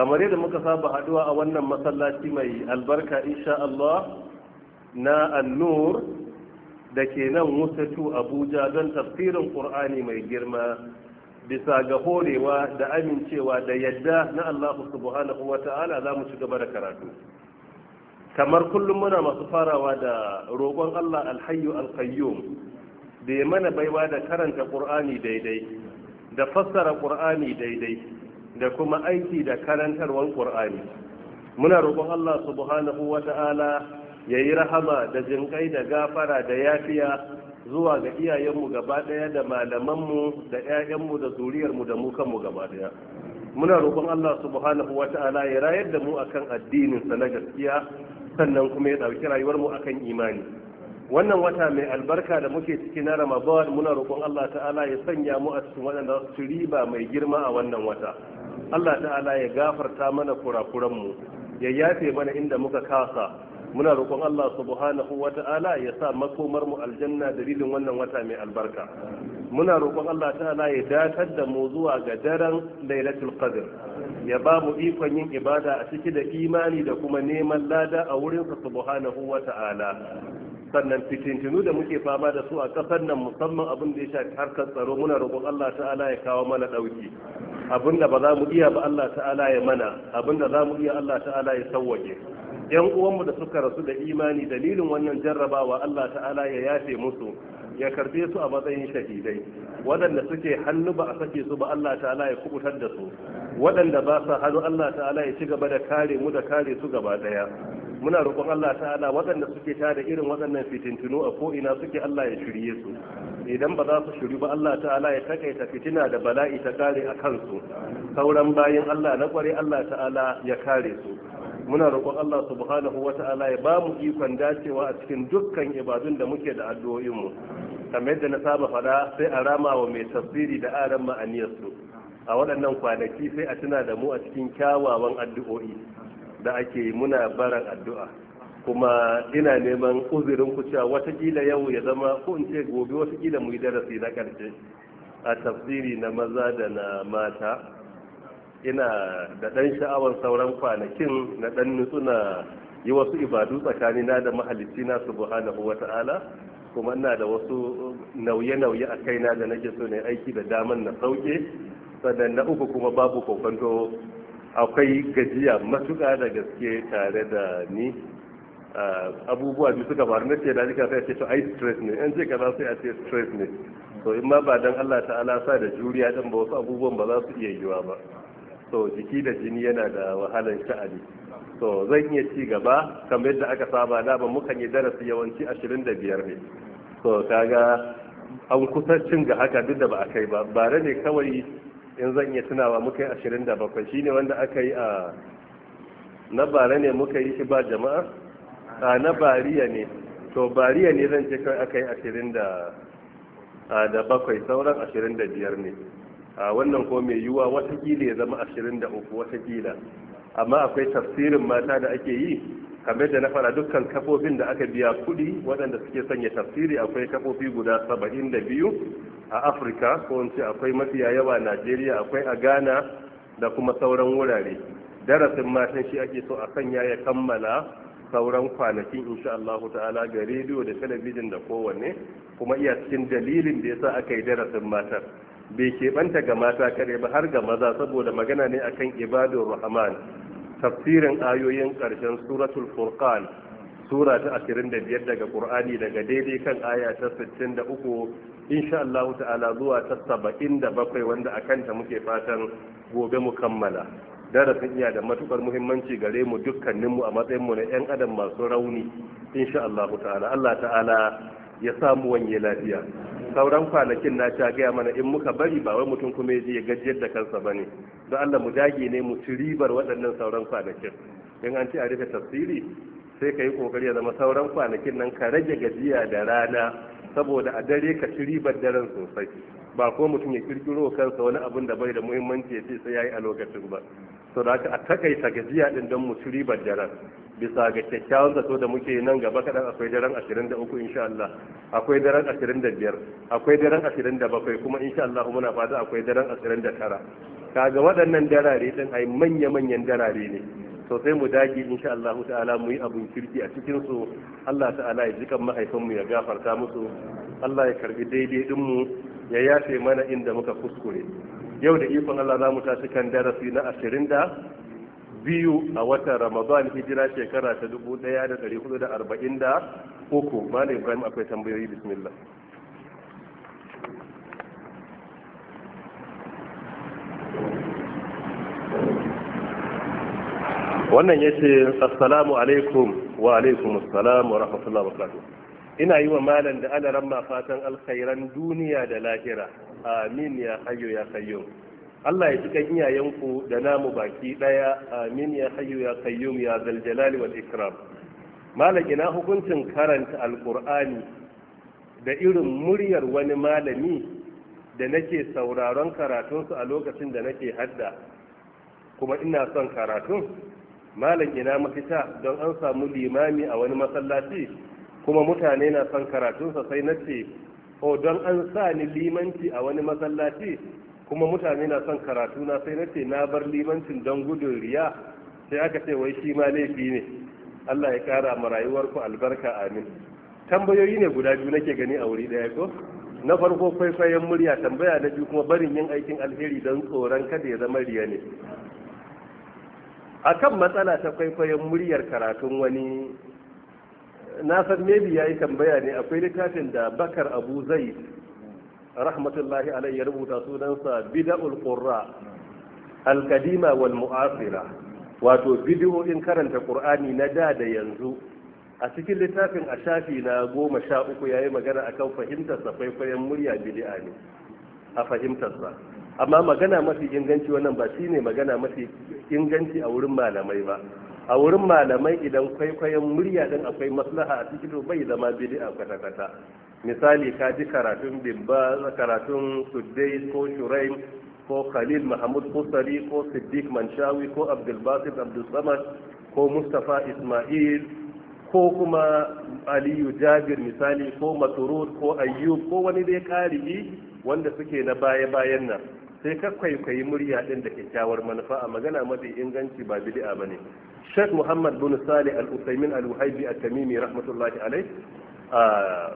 kamar yadda muka saba haduwa a wannan masallaci mai albarka insha Allah na annur da ke nan musatu abuja don tafsirin ƙur'ani mai girma bisa ga horewa da amincewa da yadda na Allah subhanahu wa ta'ala za mu ci gaba da karatu kamar kullum muna masu farawa da roƙon Allah alhayyu alkayyum da ya mana baiwa da karanta ƙur'ani daidai da fassara ƙur'ani daidai da kuma aiki da karantarwar qur'ani muna roƙon Allah subhanahu wata'ala yi rahama da jinkai da gafara da yafiya zuwa ga iyayenmu gaba ɗaya da malamanmu da 'ya'yanmu da zuriyarmu da mu kanmu gaba ɗaya muna roƙon Allah subhanahu wata'ala ya rayar da mu akan addinin sa na gaskiya sannan kuma ya ɗauki rayuwar mu akan imani wannan wata mai albarka da muke ciki na Ramadan muna roƙon Allah ta'ala ya sanya mu a cikin waɗanda su riba mai girma a wannan wata Allah ta'ala ya gafarta mana kurakuranmu ya yafe mana inda muka kasa muna roƙon Allah subhanahu wata'ala ya sa makomar mu aljanna dalilin wannan wata mai albarka muna roƙon Allah ta'ala ya datar da mu zuwa ga daren lailatul qadr ya ba mu ikon yin ibada a ciki da imani da kuma neman lada a wurinsa subhanahu wata'ala sannan fitintinu da muke fama da su a kasar nan musamman abin da ya shafi harkar tsaro muna roƙon Allah ta'ala ya kawo mana ɗauki abin da ba za mu iya ba Allah ta'ala ya mana abin da za mu iya Allah ta'ala ya sauwaje yan uwanmu da suka rasu da imani dalilin wannan jarrabawa Allah ta'ala ya yafe musu ya karbe su a matsayin shahidai waɗanda suke hannu ba a sake su ba Allah ta'ala ya kubutar da su waɗanda ba sa hannu Allah ta'ala ya ci gaba da kare mu da kare su gaba ɗaya muna roƙon Allah ta'ala waɗanda suke tada irin waɗannan fitintunu a ko'ina suke Allah ya shirye su idan ba za su shiri ba Allah ta'ala ya takaita fitina da bala'i ta kare a kansu sauran bayan Allah na kware Allah ta'ala ya kare su muna roƙon Allah subhanahu wa ta'ala ya ba mu ikon dacewa a cikin dukkan ibadun da muke da addu'o'inmu kamar yadda na saba fada sai a rama wa mai tafsiri da aran ma'aniyarsu a waɗannan kwanaki sai a tuna da mu a cikin kyawawan addu'o'i da ake muna baran addu'a kuma ina neman uzurin ku cewa watakila yau ya zama ko in ce gobe watakila mu yi darasi na karshe a tafsiri na maza da na mata ina da ɗan sha'awar sauran kwanakin na ɗan nutsu na yi wasu ibadu tsakanina da mahalicci na subhanahu wa ta'ala kuma ina da wasu nauye-nauye a kaina da nake so ne aiki da daman na sauke sannan na uku kuma babu kokonto akwai gajiya matuƙa da gaske tare da ni abubuwa da suka faru na ce da jika sai a ce to ai stress ne an ce kaza sai a ce stress ne to in ma ba dan Allah ta'ala sa da juriya din ba wasu abubuwan ba za su iya yiwa ba to jiki da jini yana da wahalar sha'ani to zan iya ci gaba kamar yadda aka saba da ba mukan yi darasi yawanci 25 ne to kaga an kusa cin ga haka duk da ba a kai ba bare ne kawai in zan iya tunawa muka yi ashirin da bakwai shi ne wanda aka yi a na bara ne muka yi shi ba jama'a a na bariya ne to bariya ne zan ce kai aka yi ashirin da bakwai sauran ashirin da biyar ne a wannan ko mai yiwuwa watakila ya zama ashirin da uku watakila amma akwai tafsirin mata da ake yi kamar da na fara dukkan kafofin da aka biya kudi waɗanda suke sanya tafsiri akwai kafofi guda saba'in da biyu a afirka ko akwai mafiya yawa a najeriya akwai a ghana da kuma sauran wurare darasin matan shi ake so a sanya ya kammala sauran kwanakin insha allahu ta'ala ga rediyo da talabijin da kowanne kuma iya cikin dalilin da ya sa aka yi darasin matar bai keɓanta ga mata kare ba har ga maza saboda magana ne akan ibadun rahman tafsirin ayoyin ƙarshen suratul furqan sura ta 25 daga qur'ani daga daidai kan aya ta 63 insha Allah ta'ala zuwa ta 77 wanda akan ta muke fatan gobe mu kammala darasin iya da matukar muhimmanci gare mu dukkaninmu a matsayin mu na yan adam masu rauni insha Allah ta'ala Allah ta'ala ya samu wani lafiya sauran kwanakin na ta gaya mana in muka bari ba wai mutum kuma ya je ya gajiyar da kansa ba ne don Allah mu dage ne mu ci ribar waɗannan sauran kwanakin in an ci a rufe tafsiri sai ka yi ƙoƙari ya zama sauran kwanakin nan ka rage gajiya da rana saboda a dare ka ci ribar daren sosai ba ko mutum ya kirkiro kansa wani abin da bai da muhimmanci ya ce sai yayi a lokacin ba so da a takaita gajiya din don mu ci ribar daren bisa ga kyakkyawan zato da muke nan gaba kadan akwai daren 23 insha Allah akwai daren 25 akwai daren 27 kuma insha Allah muna fata akwai daren 29 kaga waɗannan darare din ai manya-manyan darare ne to sai mu dage insha Allah ta'ala mu yi abun kirki a cikin su Allah ta'ala ya jikan mahaifan mu ya gafarta musu Allah ya karbi daidai din mu ya yafe mana inda muka kuskure yau da ikon Allah za mu tashi kan darasi na ashirin da biyu a watan Ramadan hijira shekara ta dubu ɗaya da ɗari hudu da arba'in da uku Ibrahim akwai tambayoyi bismillah wannan ya ce assalamu alaikum wa alaikum assalam wa rahmatullahi wa barakatuh ina yi wa malam da adaran ma fatan alkhairan duniya da lahira amin ya hayyo ya kayyum Allah ya cika iyayenku da namu baki daya amin ya hayyo ya kayyum ya zal jalali wal ikram malam ina hukuncin karanta alqur'ani da irin muryar wani malami da nake sauraron karatunsu a lokacin da nake hadda kuma ina son karatun malam ina mafita don an samu limami a wani masallaci kuma mutane na son karatunsa sai na ce o don an sa ni limanci a wani masallaci kuma mutane na son karatuna sai na ce na bar limancin don gudun riya sai aka ce wai shi ma laifi ne Allah ya kara ma rayuwarku albarka amin tambayoyi ne guda biyu nake gani a wuri daya ko na farko kwaikwayon murya tambaya na biyu kuma barin yin aikin alheri don tsoron kada ya zama riya ne akan matsala ta kwaikwayon muryar karatun wani na san maybe yi tambaya ne akwai littafin da bakar abu zai rahmatullahi alai ya rubuta sunansa bidaul qurra al wal mu'asira wato bidiyoyin karanta qur'ani na da da yanzu a cikin littafin a shafi na goma sha uku ya yi magana akan fahimtarsa kwaikwayon murya bid'a ne a fahimtarsa. amma magana mafi inganci wannan ba shine magana mafi inganci a wurin malamai ba a wurin malamai idan kwaikwayon murya din akwai maslaha a cikin bai zama bid'a kwata-kwata misali ka ji karatun bimba karatun suddai ko shuraim ko khalil mahmud kusari ko siddiq manshawi ko Abdulbasir abdulsamad ko mustapha ismail ko kuma aliyu jabir misali ko maturud ko ayyub ko wani dai karibi wanda suke na baya-bayan nan sai ka kwaikwayi murya din da kyakkyawar manufa a magana mafi inganci ba bid'a bane Sheikh Muhammad bin Salih Al-Utsaimin Al-Wahibi At-Tamimi rahmatullahi alayh a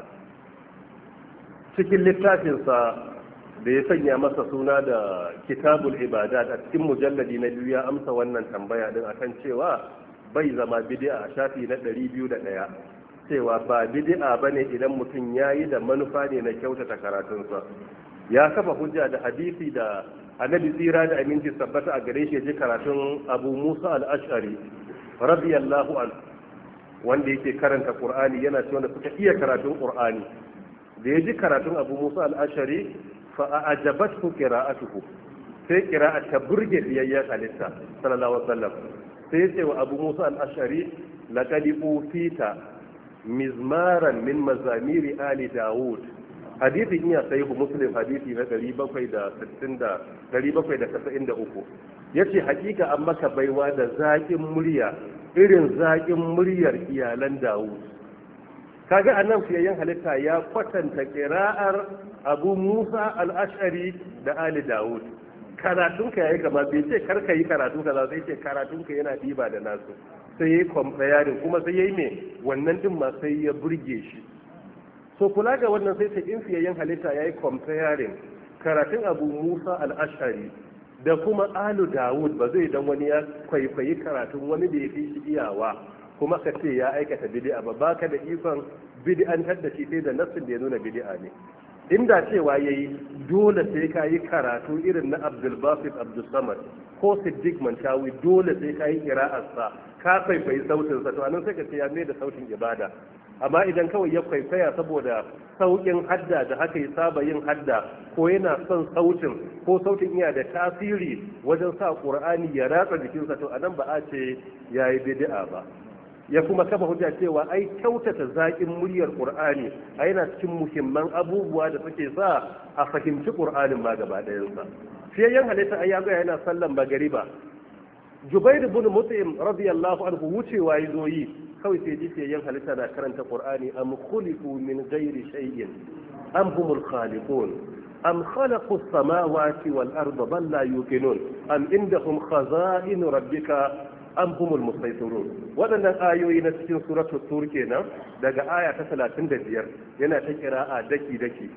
cikin littafin sa da ya sanya masa suna da Kitabul Ibadat a cikin mujalladi na biyu ya amsa wannan tambaya din akan cewa bai zama bid'a a shafi na 201 cewa ba bid'a bane idan mutum yayi da manufa ne na kyautata karatunsa ya kafa hujja da hadisi da annabi tsira da aminci sabbata a gare shi ya ji karatun abu musa al'ashari. radiyallahu an wanda yake karanta qur'ani yana ce da suka iya karatun qur'ani da ya ji karatun abu musa al'ashari al-ash'ari fa a'jabathu qira'atuhu sai qira'a ta burge biyayya halitta sallallahu alaihi sai ya ce wa abu musa al'ashari ashari laqad utita mizmaran min mazamiri ali Dawud. hadisin iya sahihu muslim hadisi na Ya yace hakika an maka baiwa da zakin murya irin zakin muryar iyalan Dawud kaga anan fiyayyen halitta ya kwatanta qira'ar Abu Musa al da Ali Dawud karatunka yayi gaba bai ce karka yi karatu ka sai ce karatunka yana diba da nasu sai yayi comparing kuma sai yayi me wannan din ma sai ya burge shi so kula ga wannan sai in fiyayyen halitta ya yi comparing karatun abu musa al'ashari da kuma alu dawud ba zai dan wani ya kwaikwayi karatun wani da ya fi shi iyawa kuma ka ce ya aikata bidi'a ba baka da ikon bid'antar da sai da nassin da ya nuna bidi'a ne inda cewa yayi dole sai ka yi karatu irin na Abdul Basit ko Siddiq Mantawi dole sai ka yi kira'arsa ka kwaikwayi sautin sa to anan sai ka ce ya mai da sautin ibada amma idan kawai ya kwaikwaya saboda saukin hadda da haka ya saba yin hadda ko yana son sautin ko sautin iya da tasiri wajen sa Qur'ani ya ratsa jikinsa to anan ba a ce yayi bid'a ba ya kuma kafa hujja cewa ai kyautata zaƙin muryar qur'ani a yana cikin muhimman abubuwa da suke sa a fahimci qur'anin ma gaba ɗayansa fiyayyen halitta ai ya ga yana sallan magariba jubair ibn mut'im radiyallahu anhu wucewa yi zoyi kawai sai ji fiyayyen halitta na karanta qur'ani am khuliqu min ghairi shay'in am humul khaliqun am khalaqu as-samawati wal arda bal la yuqinun am indahum khaza'in rabbika an humul musaitirun waɗannan ayoyi na cikin suratul tur kenan daga aya ta talatin da biyar, yana ta kira a daki daki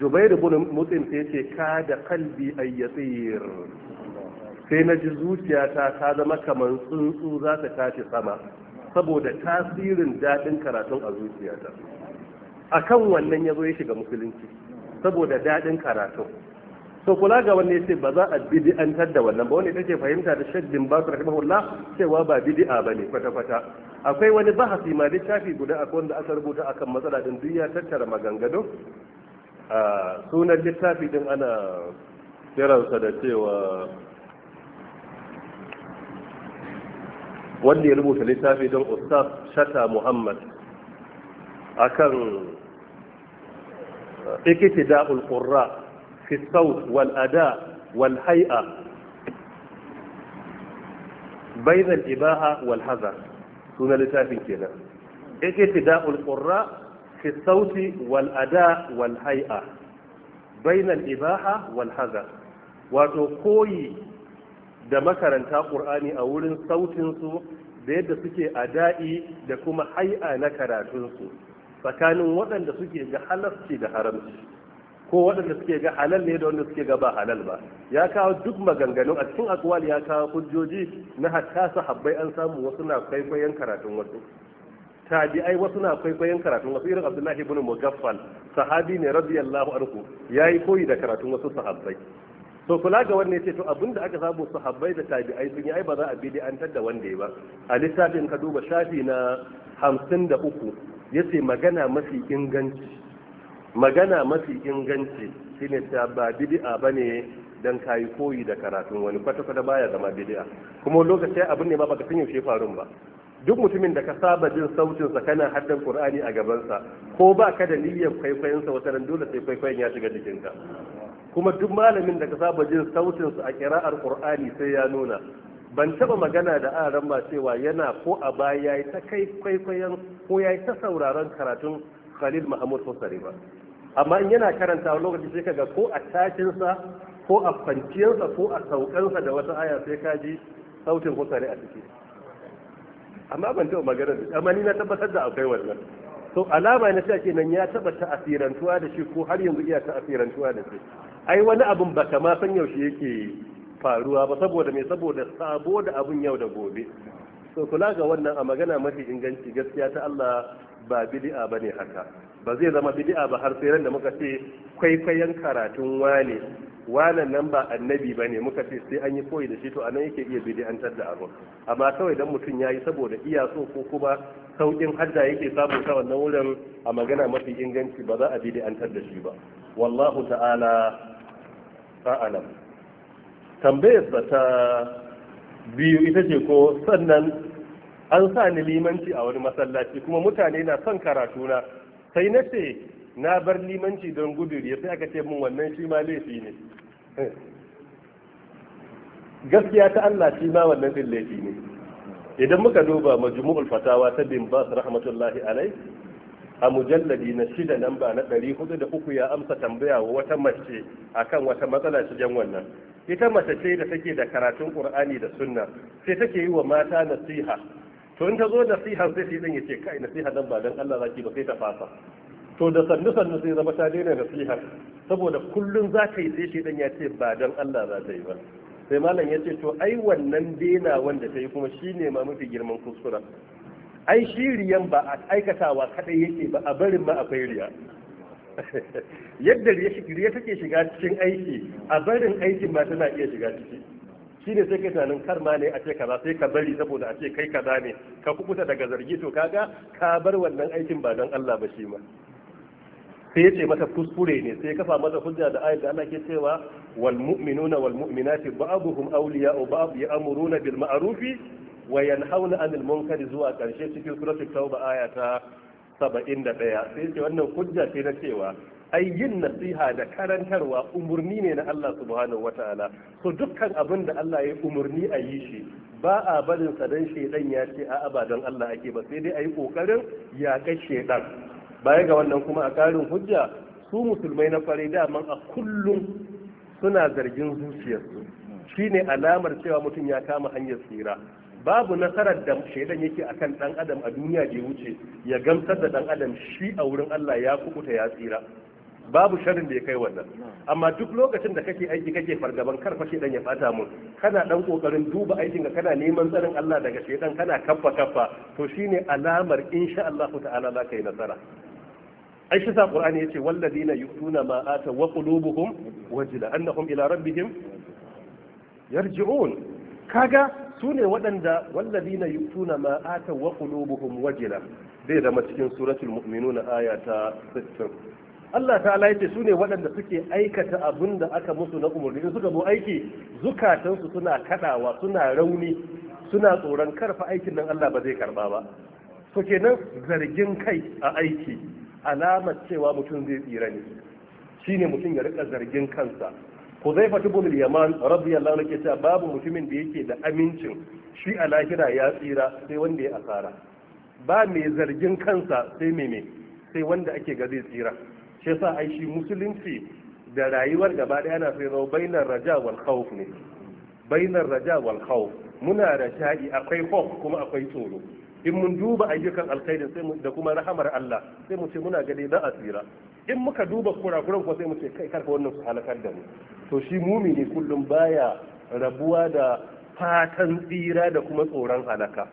jubair ibn mutim sai yace ka da kalbi ayyatir sai na ji zuciyata ta zama kamar tsuntsu za ta tashi sama saboda tasirin daɗin karatun a zuciyata akan wannan ya zo ya shiga musulunci saboda daɗin karatun to kula ga wanne yace ba za a bid'antar da wannan ba wani take fahimta da Sheikh bin Baz rahimahullah cewa ba bid'a bane kwata kwata akwai wani bahasi ma littafi guda akwai wanda aka rubuta akan matsala din duniya tattara maganganu a sunan littafi din ana kiransa da cewa wanda ya rubuta littafi don ustaz shata muhammad akan Da'ul qurra في الصوت والأداء والهيئة ibaha, walhaza. والحذر سنة لتافين كنا اقتداء القراء في wal'ada, والأداء bainan ibaha, الإباحة Wato koyi da makaranta ƙur'ani a wurin sautinsu da yadda suke ada'i da kuma hai'a na karatunsu tsakanin waɗanda suke ga halarci da haramci ko waɗanda suke ga halal ne da wanda suke ga ba halal ba ya kawo duk maganganu a cikin akwal ya kawo hujjoji na hatta sahabbai an samu wasu na kwaikwayon karatun wasu tabi'ai wasu na kwaikwayon karatun wasu irin abdullahi ibn mugaffal sahabi ne radiyallahu anhu yayi koyi da karatun wasu sahabbai to kula ga wannan yace to abinda aka samu sahabbai da tabi'ai sun yi ai ba za a bi an da wanda ya ba a littafin ka duba shafi na 53 yace magana mafi inganci magana mafi inganci shine ta ba bid'a bane dan kayi koyi da karatun wani kwata kwata baya zama bid'a kuma lokaci abin ne ba baka san yaushe farun ba duk mutumin da ka saba jin sautin sa kana haddan kur'ani a gabansa sa ko ba ka da niyyar kwaikwayon sa wata dole sai kwaikwayon ya shiga jikinka kuma duk malamin da ka saba jin sautin sa a kira'ar kur'ani sai ya nuna ban taba magana da aran ba cewa yana ko a baya yi ta kai kwaikwayon ko yi ta sauraron karatun Khalil Mahmud Fusari ba amma in yana karanta lokaci sai kaga ko a takinsa ko a kwanciyarsa ko a saukansa da wata aya sai ka ji sautin kusa ne a ciki amma ban taɓa magana da amma ni na tabbatar da akwai wannan to alama na sake nan ya taɓa ta'asirantuwa da shi ko har yanzu iya ta'asirantuwa da shi ai wani abin ba kama san yaushe yake faruwa ba saboda me saboda sabo da abun yau da gobe to kula ga wannan a magana mafi inganci gaskiya ta Allah ba bid'a bane haka ba zai zama bidi'a ba har sai ran da muka ce kwaikwayon karatun wane wannan nan ba annabi ba ne muka ce sai an yi koyi da shi to anan yake iya bid'antar da abu amma kawai dan mutum yayi saboda iya so ko kuma saukin hadda yake samu ta wannan wurin a magana mafi inganci ba za a bid'antar da shi ba wallahu ta'ala a'lam tambayar ta biyu ita ce ko sannan an sa ni limanci a wani masallaci kuma mutane na son karatuna sai na ce na bar limanci don guduriya sai aka ce mun wannan shi ma laifi ne gaskiya ta Allah shi ma wannan din laifi ne idan muka duba majmu'ul fatawa ta bin bas rahmatullahi alai a mujalladi na shida nan na ɗari hudu da uku ya amsa tambaya wa wata mace akan wata matsala jan wannan ita mace ce da take da karatun qur'ani da sunna sai take yi wa mata nasiha to in ta zo nasiha sai shi zan yace kai kai nasiha dan ba dan Allah zaki ba sai ta fasa to da sannu sannu sai zama ta daina nasiha saboda kullun za ta yi sai shi dan ya ce ba dan Allah za ta yi ba sai malam ya ce to ai wannan daina wanda ta yi kuma shine ma mafi girman kuskura ai shi ba a aikatawa kadai yake ba a barin ma akwai riya yadda riya take shiga cikin aiki a barin aikin ma tana iya shiga ciki shi ne sai kai tunanin kar ma ne a ce kaza sai ka bari saboda a ce kai kaza ne ka kubuta daga zargi to kaga ka bar wannan aikin ba Dan Allah ba shi ma sai ya ce mata kuskure ne sai kafa mata hujja da ayat da Allah ke cewa wal mu'minuna wal mu'minati ba'dhum wa ba'd ya'muruna bil ma'ruf wa yanhauna 'anil munkari zuwa karshe cikin suratul tauba aya ta 71 sai ce wannan hujja sai na cewa ai yin nasiha da karantarwa umurni ne na Allah subhanahu wataala so dukkan abin da Allah ya umurni a yi shi ba a barin sa dan shedan ya ce a'a ba don Allah ake ba sai dai ayi kokarin ya ga shedan baya ga wannan kuma a karin hujja su musulmai na kwarai daman a kullum suna zargin zuciyarsu shine alamar cewa mutum ya kama hanyar tsira babu nasarar da shaidan yake akan dan adam a duniya da ya wuce ya gamsar da dan adam shi a wurin Allah ya kukuta ya tsira babu sharin da ya kai wannan amma duk lokacin da kake aiki kake fargaban karfa dan ya fata mun kana dan kokarin duba aikin ka kana neman tsarin Allah daga shedan kana kaffa kaffa to shine alamar insha Allah ta'ala za ka yi nasara ai shi sa qur'ani yace walladina yu'tuna ma ata wa qulubuhum wajila annahum ila rabbihim yarji'un kaga sune waɗanda walladina yu'tuna ma ata wa qulubuhum wajila zai zama cikin suratul mu'minuna ayata Allah ta yace su ne waɗanda suke aikata abin da aka musu na umarni in suka zo aiki zukatansu suna kaɗawa suna rauni suna tsoron karfa aikin nan Allah ba zai karba ba to kenan zargin kai a aiki alamar cewa mutum zai tsira ne shine mutum ya rika zargin kansa zai ibn al-Yaman radiyallahu anhu cewa babu mutumin da yake da amincin shi a lahira ya tsira sai wanda ya asara ba mai zargin kansa sai mai sai wanda ake ga zai tsira shi sa ai shi musulunci da rayuwar gaba daya na sai zama bainar raja wal khawf ne bainar raja wal khawf muna da sha'i akwai khawf kuma akwai tsoro in mun duba ayyukan alkhairi sai da kuma rahamar Allah sai mu ce muna gani za a in muka duba kurakuran ko sai mu ce kai karka wannan su halakar da mu to shi mumini kullum baya rabuwa da fatan tsira da kuma tsoron halaka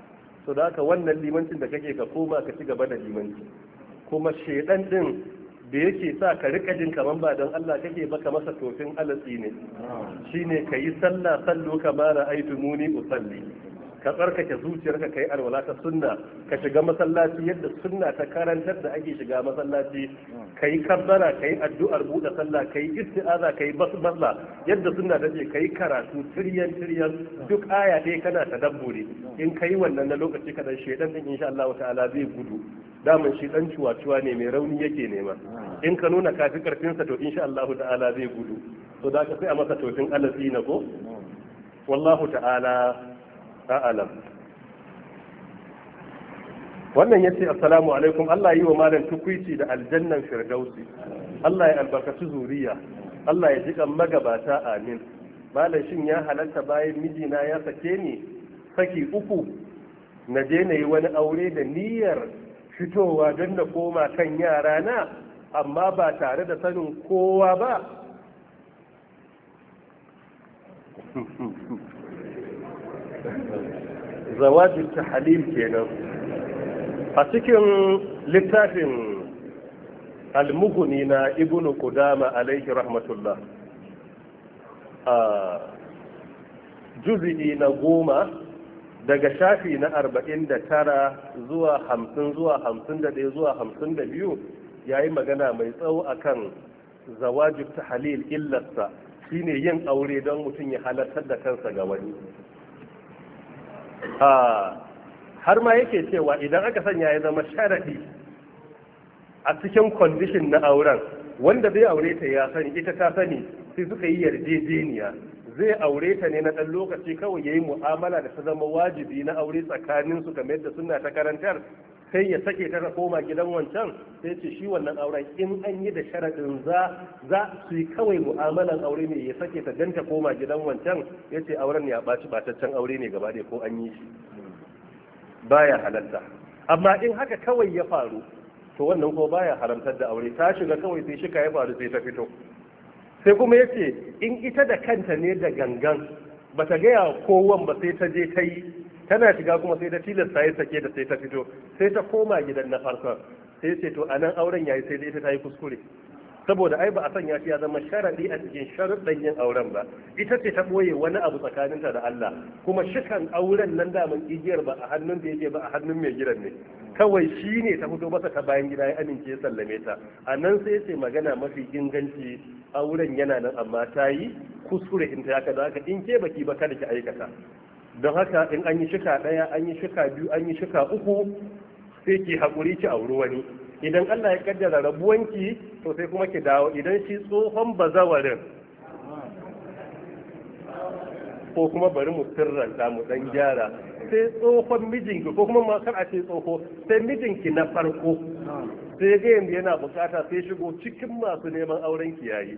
so da haka wannan limancin da kake ka koma ka ci gaba da limanci kuma shedan din da yake sa ka rika jin kaman ba don Allah kake baka masa tofin alatsi ne shine ka yi sallah sallo ka bara muni usalli ka tsarkake zuciyarka ka yi alwala ta sunna ka shiga masallaci yadda sunna ta karantar da ake shiga masallaci ka yi kabbara ka yi addu'ar buɗe sallah ka yi isti'aza ka yi yadda sunna ta ce ka yi karatu tiryan tiryan duk aya ɗaya kana ta dabbure in ka yi wannan na lokaci kaɗan shaidan din insha Allah ta'ala zai gudu daman shi dan cuwa-cuwa ne mai rauni yake nema in ka nuna kafi karfinsa to insha Allah ta'ala zai gudu to da ka sai a masa tofin alasi na ko wallahu ta'ala a'lam wannan ya ce assalamu alaikum Allah yi wa malam tukwici da aljannan firdausi Allah ya albarkaci zuriya Allah ya jika magabata amin malam shin ya halatta bayan mijina ya sake ni saki uku na je na yi wani aure da niyyar fitowa don da koma kan yara na amma ba tare da sanin kowa ba zawajin ta halim kenan a cikin littafin almuhuni na ibnu kudama alaihi rahmatullah a juzi na goma daga shafi na 49 zuwa 50 zuwa 51 zuwa 52 yi magana mai tsawo akan zawajib halil illarsa shine yin aure don mutum ya halartar da kansa ga wani har ma yake cewa idan aka sanya ya zama sharadi a cikin kwandishin na auren wanda zai aure ta ya sani ita ta sani sai suka yi yarjejeniya zai aure ta ne na ɗan lokaci kawai ya yi mu'amala da ta zama wajibi na aure tsakanin su kamar yadda suna ta karantar sai ya sake ta koma gidan wancan sai ce shi wannan auren in an yi da sharaɗin za za su yi kawai mu'amalan aure ne ya sake ta dan ta koma gidan wancan ya ce auren ya ɓaci ɓataccen aure ne gaba ɗaya ko an yi shi baya halatta amma in haka kawai ya faru to wannan ko baya haramtar da aure ta shiga kawai sai shika ya faru sai ta fito sai kuma ya ce in ita da kanta ne da gangan ba ta gaya kowan ba sai ta je ta yi tana shiga kuma sai ta tilasta ya sake da sai ta fito sai ta koma gidan na farkon sai ce to nan auren yayi sai dai ita ta yi kuskure saboda ai ba a sanya shi ya zama sharadi a cikin sharuɗan yin auren ba ita ce ta ɓoye wani abu tsakaninta da Allah kuma shikan auren nan daman igiyar ba a hannun da yake ba a hannun mai gidan ne kawai shi ne ta fito masa ta bayan gida ya amince ya sallame ta a nan sai ce magana mafi inganci auren yana nan amma ta yi kuskure in ta haka da haka in ke baki ba kada ki aikata don haka in an yi shika ɗaya an yi shika biyu an yi shika uku sai ki haƙuri ki auri wani idan Allah ya kaddara rabuwanki to sai kuma ki dawo idan shi tsohon bazawarin ko kuma bari mu da mu dan gyara sai tsohon mijinki ko kuma ma kar a ce tsoho sai mijinki na farko sai ga yanda yana bukata sai shigo cikin masu neman auren ki yayi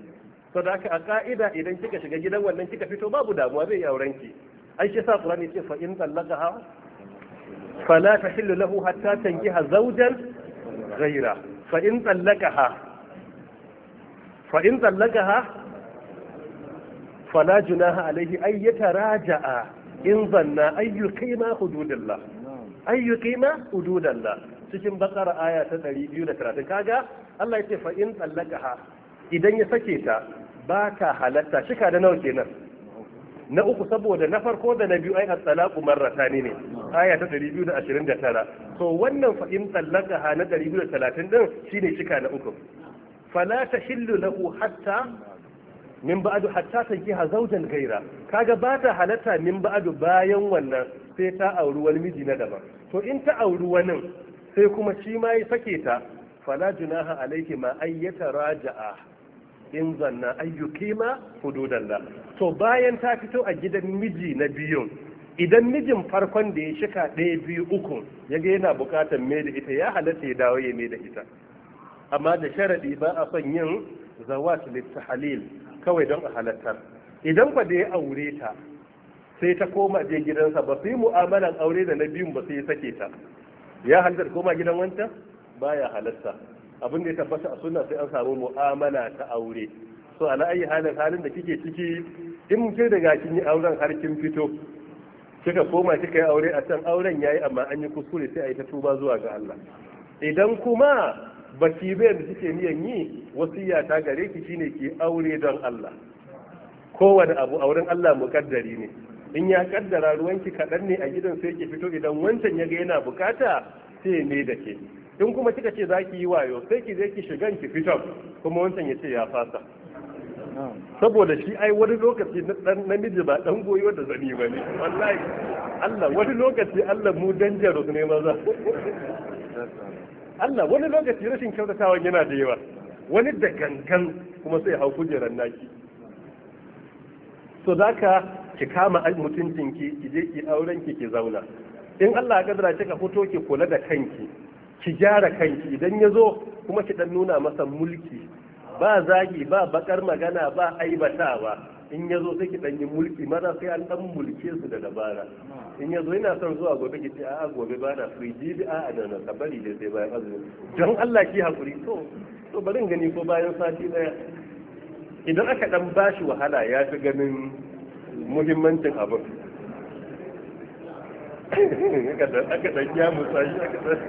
saboda haka a ka'ida idan kika shiga gidan wannan kika fito babu damuwa zai yi auren ki ai shi sa Qur'ani ce fa in talaqaha fala tahillu lahu hatta tankiha zawjan ghaira fa in tsallakaha fa in tsallakaha fala junaha alaihi ay yataraja'a in zanna ay yuqima hududallah ay cikin bakara aya ta 230 kaga Allah ya ce fa in tsallakaha idan ya sake ta ba ta halatta shika da nawa kenan na uku saboda na farko da na biyu ai at-talaqu marratani ne aya ta 229 so wannan fa in tallaka ha na 230 din shine cika na uku fala tahillu lahu hatta min ba'du hatta tankiha zawjan ghaira kaga ba ta halatta min ba'du bayan wannan sai ta auri wani miji na daban to in ta auri wani sai kuma shi ma ya sake ta fala junaha alayhi ma ayyata raja'a in zanna ayyuki ayyukima hududallah to bayan ta fito a gidan miji na biyun idan mijin farkon da ya shika ɗaya biyu uku ya ga yana buƙatar mai da ita ya halatta ya dawo ya mai da ita amma da sharaɗi ba a son yin zawat halil kawai don a halattar idan ba da ya aure ta sai ta koma je gidansa ba su mu'amalan aure da na biyun ba sai ya sake ta ya halatta koma gidan wanta baya halatta abin da ya tabbata a suna sai an samu mu'amala ta aure so ala ayi halin halin da kike ciki in ke daga kin yi auren har kin fito kika koma kika yi aure a can auren yayi amma an yi kuskure sai a yi ta tuba zuwa ga Allah idan kuma baki bai da kike niyan yi wasiya ta gare ki shine ki aure don Allah kowane abu auren Allah mukaddari ne in ya kaddara ruwanki kaɗan ne a gidan sai ki fito idan wancan ya ga yana bukata sai ne da ke in kuma kika ce za ki yi wayo sai ki je ki shigan ki fitan kuma wancan ya ce ya fasa saboda shi ai wani lokaci na namiji ba dan goyi wanda zani ba ne wallahi Allah wani lokaci Allah mu dangerous ne maza Allah wani lokaci rashin kyautatawan yana da yawa wani da gangan kuma sai hau kujerar naki so zaka ki kama mutuncinki ki je ki auren ki ki zauna in Allah ya kadara kika fito ki kula da kanki ki gyara kanki idan ya zo kuma ki dan nuna masa mulki ba zagi ba bakar magana ba aibatawa in ya zo sai ki dan yi mulki maza sai an dan mulke su da dabara in ya zo yana son zuwa gobe ki ce a'a gobe ba na free a'a a na kabari da sai bayan azumi don Allah ki hakuri to to bari in gani ko bayan sati daya idan aka dan bashi wahala ya fi ganin muhimmancin abin aka ɗan ya musayi aka ɗan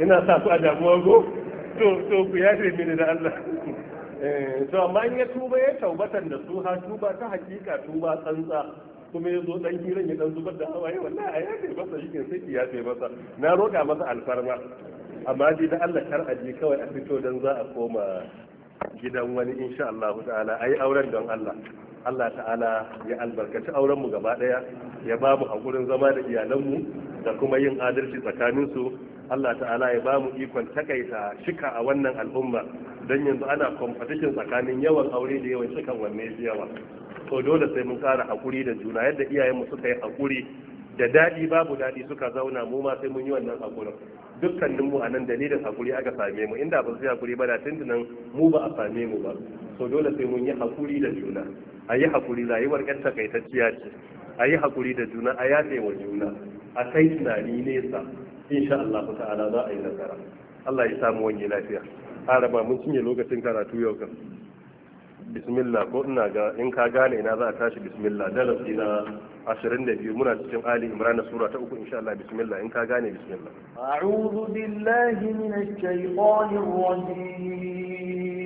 ina sa su a damuwa go to ku ya ce mini da Allah eh, to amma in ya tuba ya taubatan da su ha tuba ta hakika tuba tsantsa kuma ya zo dan kiran ya dan zubar da hawaye wallahi a yafe masa shi sai ya yafe masa na roƙa masa alfarma amma dai da Allah kar a je kawai a fito dan za a koma gidan wani insha Allah ta'ala ayi auren don Allah Allah ta'ala ya albarkaci auren mu gaba daya ya ba mu hakurin zama da iyalanmu da kuma yin adalci tsakanin su Allah ta'ala ya ba mu ikon takaita shika a wannan al'umma don yanzu ana competition tsakanin yawan aure da yawan shikan wanne yawa to dole sai mun kara hakuri da juna yadda iyayenmu suka yi hakuri da daɗi babu daɗi suka zauna mu ma sai mun yi wannan hakurin dukkanin mu nan dalilin hakuri aka same mu inda ba su yi hakuri ba da tuntunan mu ba a same mu ba so dole sai mun yi hakuri da juna a yi hakuri rayuwar yan takaitacciya ce a yi haƙuri da juna a yafe wa juna a kai tunani nesa insha Allah ta'ala za a yi nasara Allah ya samu wani lafiya araba mun cinye lokacin karatu yau kan bismillah ko ina ga in ka gane ina za a tashi bismillah darasi na 22 muna cikin ali imran sura ta uku insha Allah bismillah in ka gane bismillah a'udhu billahi minash shaitanir rajim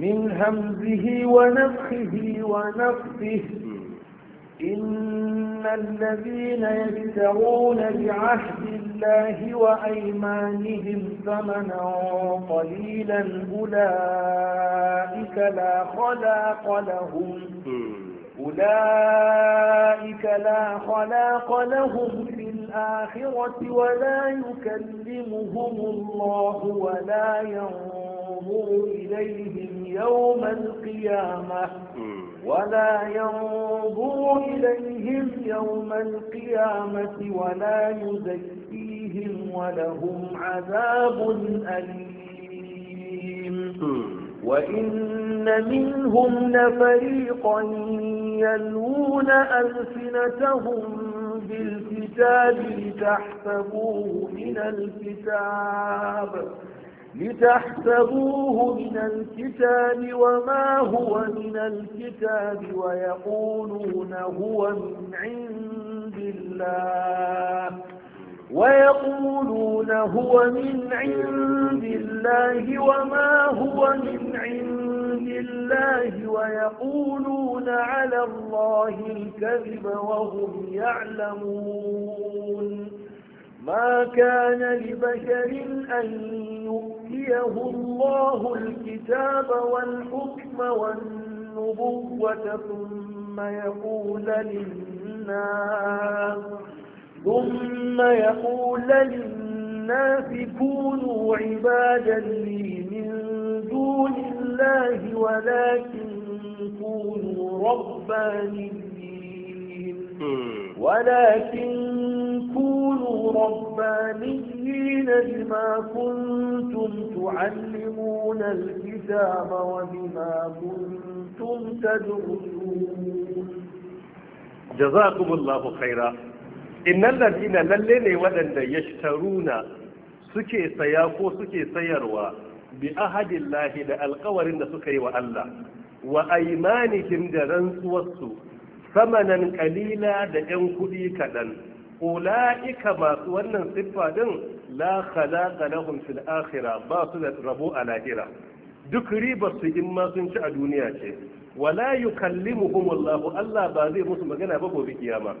من همزه ونفخه ونفخه إن الذين يشترون بعهد الله وأيمانهم ثمنا قليلا أولئك لا خلاق لهم أولئك لا خلاق لهم في الآخرة ولا يكلمهم الله ولا ينظر الأمور إليهم يوم القيامة ولا ينظر إليهم يوم القيامة ولا يزكيهم ولهم عذاب أليم وإن منهم لفريقا يلون ألسنتهم بالكتاب لتحسبوه من الكتاب لتحسبوه من الكتاب وما هو من الكتاب ويقولون هو من عند الله ويقولون هو من عند الله وما هو من عند الله ويقولون على الله الكذب وهم يعلمون ما كان لبشر أن يؤتيه الله الكتاب والحكم والنبوة ثم يقول للناس ثم يقول للناس كونوا عبادا لي من دون الله ولكن كونوا ربانيين ولكن كونوا ربانيين بما كنتم تعلمون الكتاب وبما كنتم تدرسون جزاكم الله خيرا إن الذين للين ولن يشترون suke saya ko suke sayarwa bi ahadillahi da alkawarin da suka yi wa Allah wa aimanihim da rantsuwarsu samanan kalila da yan kuɗi kaɗan ula'ika masu wannan siffa din la khalaqa lahum fil ba su da rabo a lahira duk ribar su in ma sun ci a duniya ce wala yukallimuhum Allah Allah ba zai musu magana ba gobe kiyama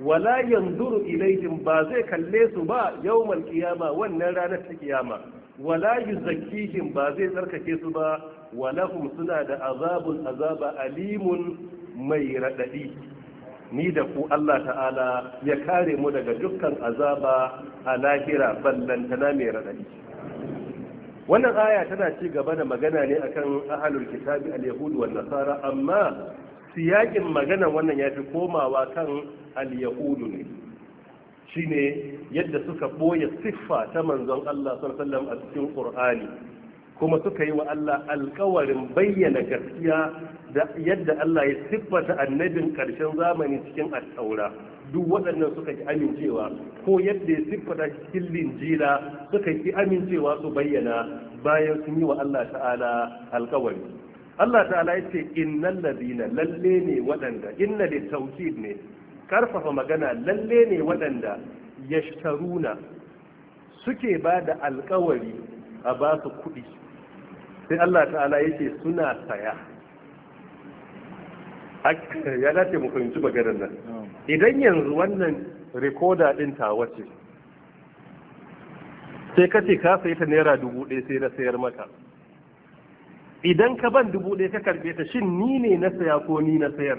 wala yanzuru ilaihim ba zai kalle su ba yawmal kiyama wannan ranar ta kiyama wala yuzakkihim ba zai tsarkake su ba walahum suna da azabun azaba alimun mai raɗaɗi ni da ku Allah ta'ala ya kare mu daga dukkan azaba a lahira ballantana mai raɗaɗi wannan aya tana ci gaba da magana ne akan ahalul kitabi al-yahudu wa nasara amma siyakin magana wannan ya fi komawa kan al-yahudu ne shine yadda suka ɓoye siffa ta manzon Allah sallallahu alaihi wasallam a cikin Qur'ani kuma suka yi wa Allah alkawarin bayyana gaskiya da yadda Allah ya siffata annabin ƙarshen zamani cikin attaura duk waɗannan suka ki amincewa ko yadda ya siffata cikin linjila suka ki amincewa su bayyana bayan sun yi wa Allah ta'ala alkawari Allah ta'ala ya ce innal ladina lalle ne waɗanda inna li tawkid ne karfafa magana lalle ne waɗanda yashtaruna suke ba da alkawari a ba su kuɗi sai Allah ta'ala yake suna saya ya dace mu fahimci maganar nan idan yanzu wannan rikoda din ta wace sai ka ce ka sayi ta naira dubu ɗaya sai na sayar maka idan ka ban dubu ɗaya ka karɓe ta shin ni ne na saya ko ni na sayar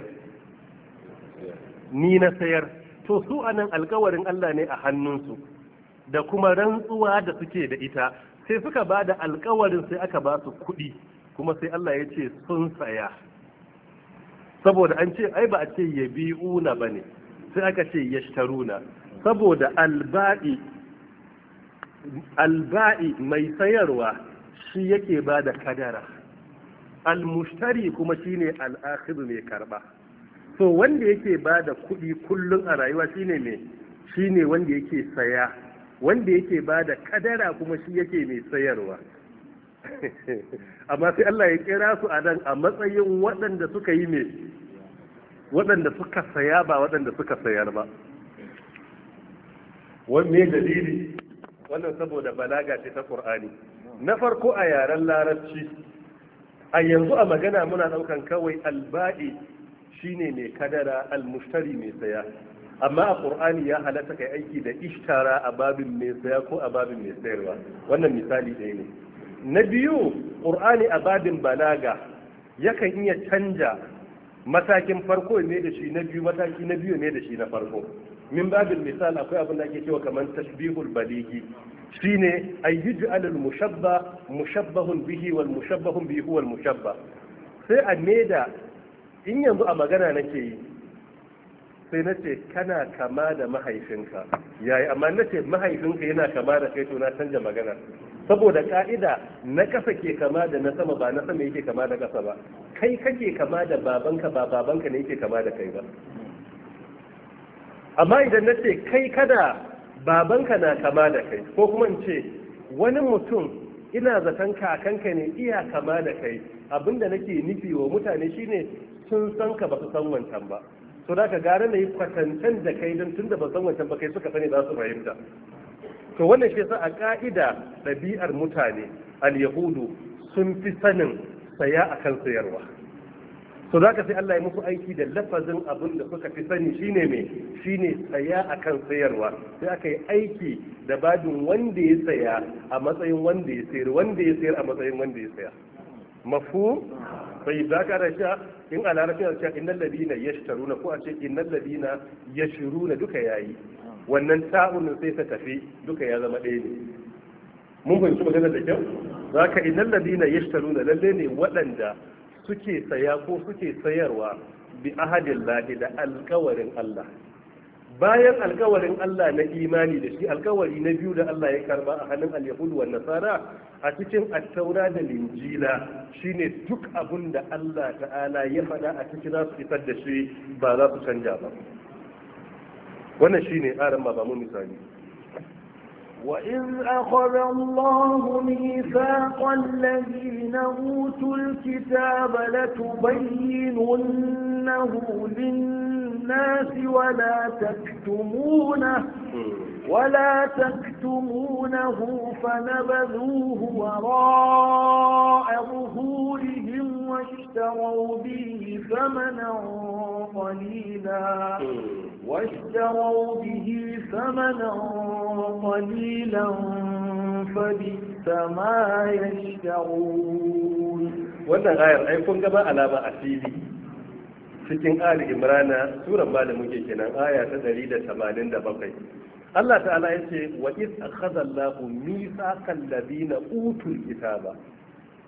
ni na sayar to su anan alkawarin Allah ne a hannunsu da kuma rantsuwa da suke da ita sai suka ba da alkawarin sai aka ba su kuɗi kuma sai Allah ya ce sun saya saboda an ce ai ba a ce ya una ba ne sai aka ce ya shtaruna saboda alba'i mai sayarwa shi yake ba da kadara almushtari kuma shine al'akhir mai karba so wanda yake ba da kuɗi kullum a rayuwa shine mai shine wanda yake saya wanda yake ba da kadara kuma shi yake mai sayarwa amma sai Allah ya kira su a nan a matsayin waɗanda suka yi mai waɗanda suka saya ba waɗanda suka sayar ba wanne dalili wannan saboda balaga ce ta ƙur'ani na farko a yaren larabci a yanzu a magana muna ɗaukan kawai alba'i shine mai kadara almushtari mai saya amma a qur'ani ya halatta kai aiki da ishtara a babin mai saya ko a babin mai sayarwa wannan misali ɗaya ne na biyu qur'ani a babin balaga yakan iya canja matakin farko ne da shi na biyu mataki na biyu ne da shi na farko min babin misal akwai abin da ake cewa kamar tashbihul baligi shine ay alal mushabba mushabbahun bihi wal mushabbahun bihi wal mushabba sai a meda in yanzu a magana nake yi sai na ce kana kama da mahaifinka yayi amma na ce mahaifinka yana kama da kai to na canja magana saboda ka'ida na kasa ke kama da na sama ba na sama yake kama da kasa ba kai kake kama da babanka ba babanka ne yake kama da kai ba amma idan na ce kai kada babanka na kama da kai ko kuma in ce wani mutum ina zaton kakanka ne iya kama da kai abinda nake nufi wa mutane shine sun san ka ba su san wancan ba to da ka gara na yi kwatantan da kai don tun da ba san wancan ba kai suka sani za su fahimta to wannan shi yasa a ka'ida ɗabi'ar mutane al-yahudu sun fi sanin saya akan sayarwa to za ka sai Allah ya musu aiki da lafazin abin da suka fi sani shine me shine saya akan sayarwa sai aka yi aiki da babin wanda ya saya a matsayin wanda ya sayar wanda ya sayar a matsayin wanda ya saya mafhum bai za ka da sha in a larabci a ce innal ladina yashtaruna ko a ce innal ladina yashruna duka yayi wannan ta'un sai ta tafi duka ya zama ɗaya ne mun fahimci magana da kyau za ka innal ladina yashtaruna lalle ne waɗanda suke saya ko suke sayarwa bi ahadillahi da alkawarin Allah bayan alkawarin Allah na imani da shi alkawari na biyu da Allah ya karba a hannun al yahud wa nasara a cikin at-taura da linjila shine duk abun da Allah ta'ala ya faɗa a cikin za su fitar da shi ba za su canja ba wannan shine aran ba mu misali وإذ أخذ الله ميثاق الذين أوتوا الكتاب لتبيننه للناس ولا تكتمونه ولا تكتمونه فنبذوه وراء ظهورهم واشتروا به ثمنا قليلا واشتروا به ثمنا قليلا فبئس ما يشترون wannan ayar ai kun gaba alama a fili cikin ali imrana suran malamin kenan aya ta 187 Allah ta'ala ya ce wa iz akhadha Allahu mithaqal ladina utul kitaba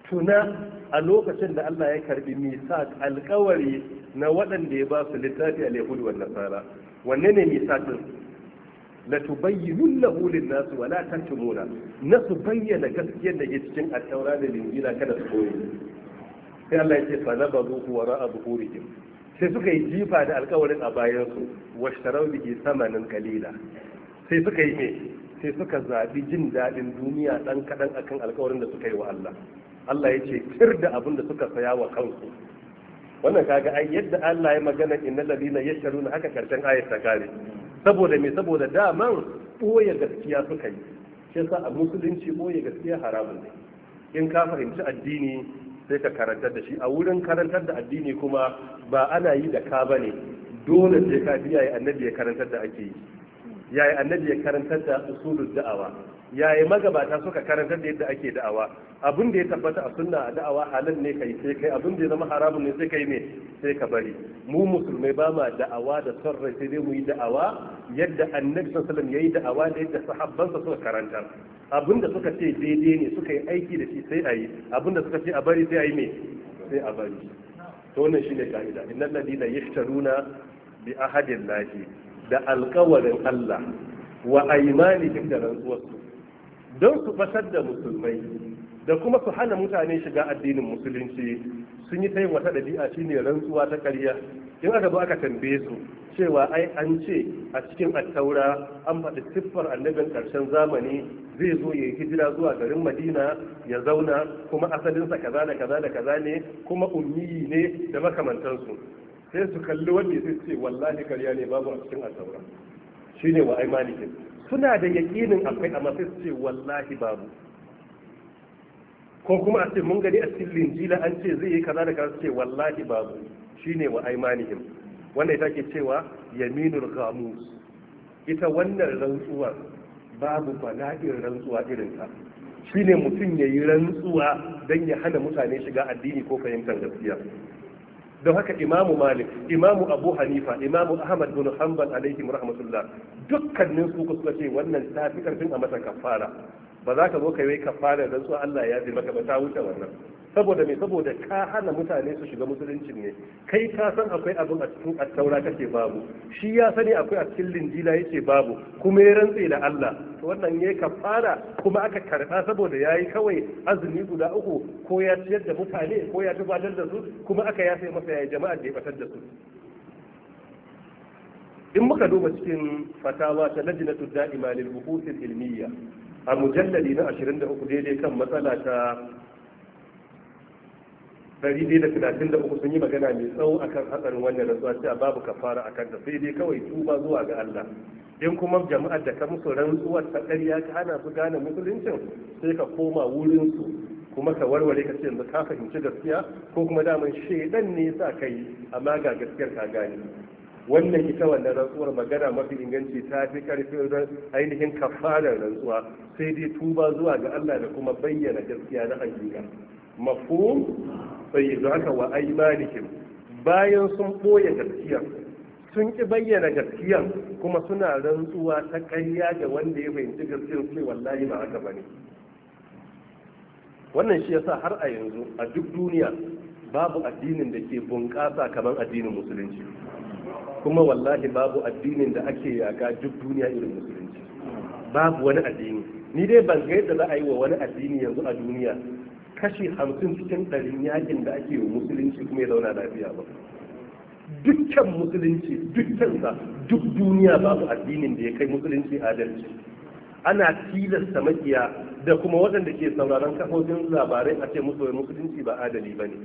tuna a lokacin da Allah ya karbi mithaq alƙawari na waɗanda ya ba su littafi a yahud wa nasara wanne ne mithaqin la tubayyinunnahu lin-nas wa la tantumuna na su bayyana gaskiyar da ke cikin at-taura da linjila kada su koyi sai Allah ya ce fa nabazu wa ra'a buhurihim sai suka yi jifa da alƙawarin a bayansu washtaraw bihi samanin qalila sai suka yi me sai suka zaɓi jin daɗin duniya ɗan kaɗan akan alkawarin da suka yi wa Allah Allah ya ce tir da abin da suka saya wa kansu wannan kaga ai yadda Allah ya magana inna ladina yashtaruna haka karshen ayat ta kare saboda me saboda daman boye gaskiya suka yi shi yasa a musulunci boye gaskiya haramun ne in ka fahimci addini sai ka karantar da shi a wurin karantar da addini kuma ba ana yi da ka bane dole sai ka biya annabi ya karantar da ake yi yayi annabi ya karantar da usulul da'awa yayi magabata suka karantar da yadda ake da'awa abin da ya tabbata a sunna a da'awa halal ne kai sai kai abin da ya zama haramun ne sai kai ne sai ka bari mu musulmai ba ma da'awa da son rai sai dai mu yi da'awa yadda annabi sallallahu alaihi wasallam yayi da'awa da yadda sahabbansa suka karantar abin da suka ce daidai ne suka yi aiki da shi sai a yi abin da suka ce a bari sai a yi me sai a bari to wannan shine ka'ida innal ladina yashtaruna bi ahadillahi da alkawarin Allah wa aimanihim da rantsuwarsu don su fasar da musulmai da kuma su hana mutane shiga addinin musulunci sun yi ta wata ɗabi'a shine rantsuwa ta ƙarya in aka zo aka tambaye su cewa ai an ce a cikin attaura an faɗi siffar annabin ƙarshen zamani zai zo ya hijira zuwa garin madina ya zauna kuma asalinsa kaza da kaza da kaza ne kuma ummiyi ne da makamantansu sai su kalli wanda sai ce wallahi kariya ne babu a cikin asaura ne wa aimanikin suna da yakinin akwai amma sai su ce wallahi babu ko kuma a ce mun gani a cikin linjila an ce zai yi kaza da kaza ce wallahi babu shine wa aimanihim wanda ita ke cewa yaminul ghamus ita wannan rantsuwar babu bala'in rantsuwa irin ta shine mutum yi rantsuwa dan ya hana mutane shiga addini ko fahimtar gaskiya don haka imamu malik imamu abu hanifa imamu ahmad bin hanbal alaihim rahmatullah dukkanin su suka ce wannan tafi fi karfin a masa kafara ba za ka zo ka yi kafara don su Allah ya ji maka ba ta wuce wannan saboda me saboda ka hana mutane su shiga musulunci ne kai ka san akwai abin a cikin attaura kake babu shi ya sani akwai a cikin linjila yake babu kuma ya rantse da Allah to wannan yayi kafara kuma aka karba saboda yayi kawai azumi guda uku ko ya ciyar da mutane ko ya tubatar da su kuma aka yafe masa yayi jama'a da ya batar da su in muka duba cikin fatawa ta lajnatu da'ima lil buhuth ilmiya a mujalladi na 23 daidai kan matsala ta 133 sun yi magana mai tsawo akan hatsarin wannan rantsuwa cewa babu kafara akan ta sai dai kawai tuba zuwa ga Allah in kuma jama'ar da ka musu rantsuwar ta ƙarya ka hana su gane musuluncin sai ka koma wurin su kuma ka warware ka ce yanzu ka fahimci gaskiya ko kuma daman shaidan ne sa kai amma ga gaskiyar ka gane wannan ita wannan rantsuwar magana mafi inganci ta fi karfin ainihin kafarar rantsuwa sai dai tuba zuwa ga Allah da kuma bayyana gaskiya na hakika mafhum sai da haka wa aymanihim bayan sun boye gaskiya sun ki bayyana gaskiya kuma suna rantsuwa ta ƙarya ga wanda ya fahimci gaskiya sai wallahi ba haka bane wannan shi yasa har a yanzu a duk duniya babu addinin da ke bunƙasa kamar addinin musulunci kuma wallahi babu addinin da ake yaka duk duniya irin musulunci babu wani addini ni dai ban ga yadda za a yi wa wani addini yanzu a duniya kashi hamsin cikin ɗarin yakin da ake wa musulunci kuma ya zauna lafiya ba dukkan musulunci sa duk duniya babu addinin da ya kai musulunci adalci ana tilasta makiya da kuma waɗanda ke sauraron kafofin labarai a ce musu musulunci ba adali ba ne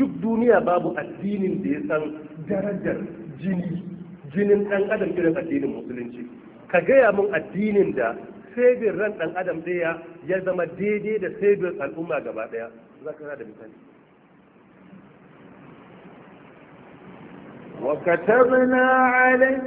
duk duniya babu addinin da ya san darajar jini jinin ɗan adam irin addinin musulunci ka gaya mun addinin da sebin ran ɗan adam ɗaya ya zama daidai da sebin al'umma gaba ɗaya za ka da misali وكتبنا عليه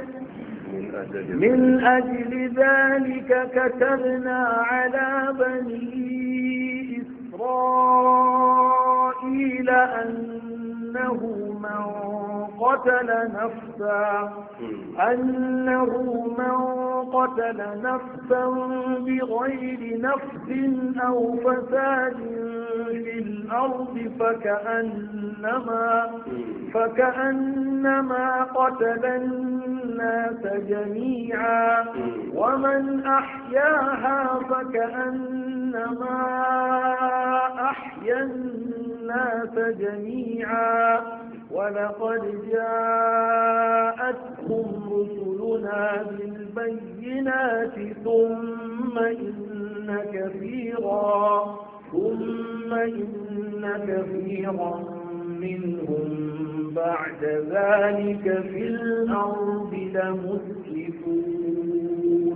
من أجل ذلك كتبنا على بني إسرائيل أن أنه من قتل نفسا أنه من قتل نفسا بغير نفس أو فساد في الأرض فكأنما فكأنما قتل الناس جميعا ومن أحياها فكأنما أحيا الناس جميعا ولقد جاءتكم رسلنا بالبينات ثم إن كثيرا ثم إن كثيرا منهم بعد ذلك في الأرض لمسلفون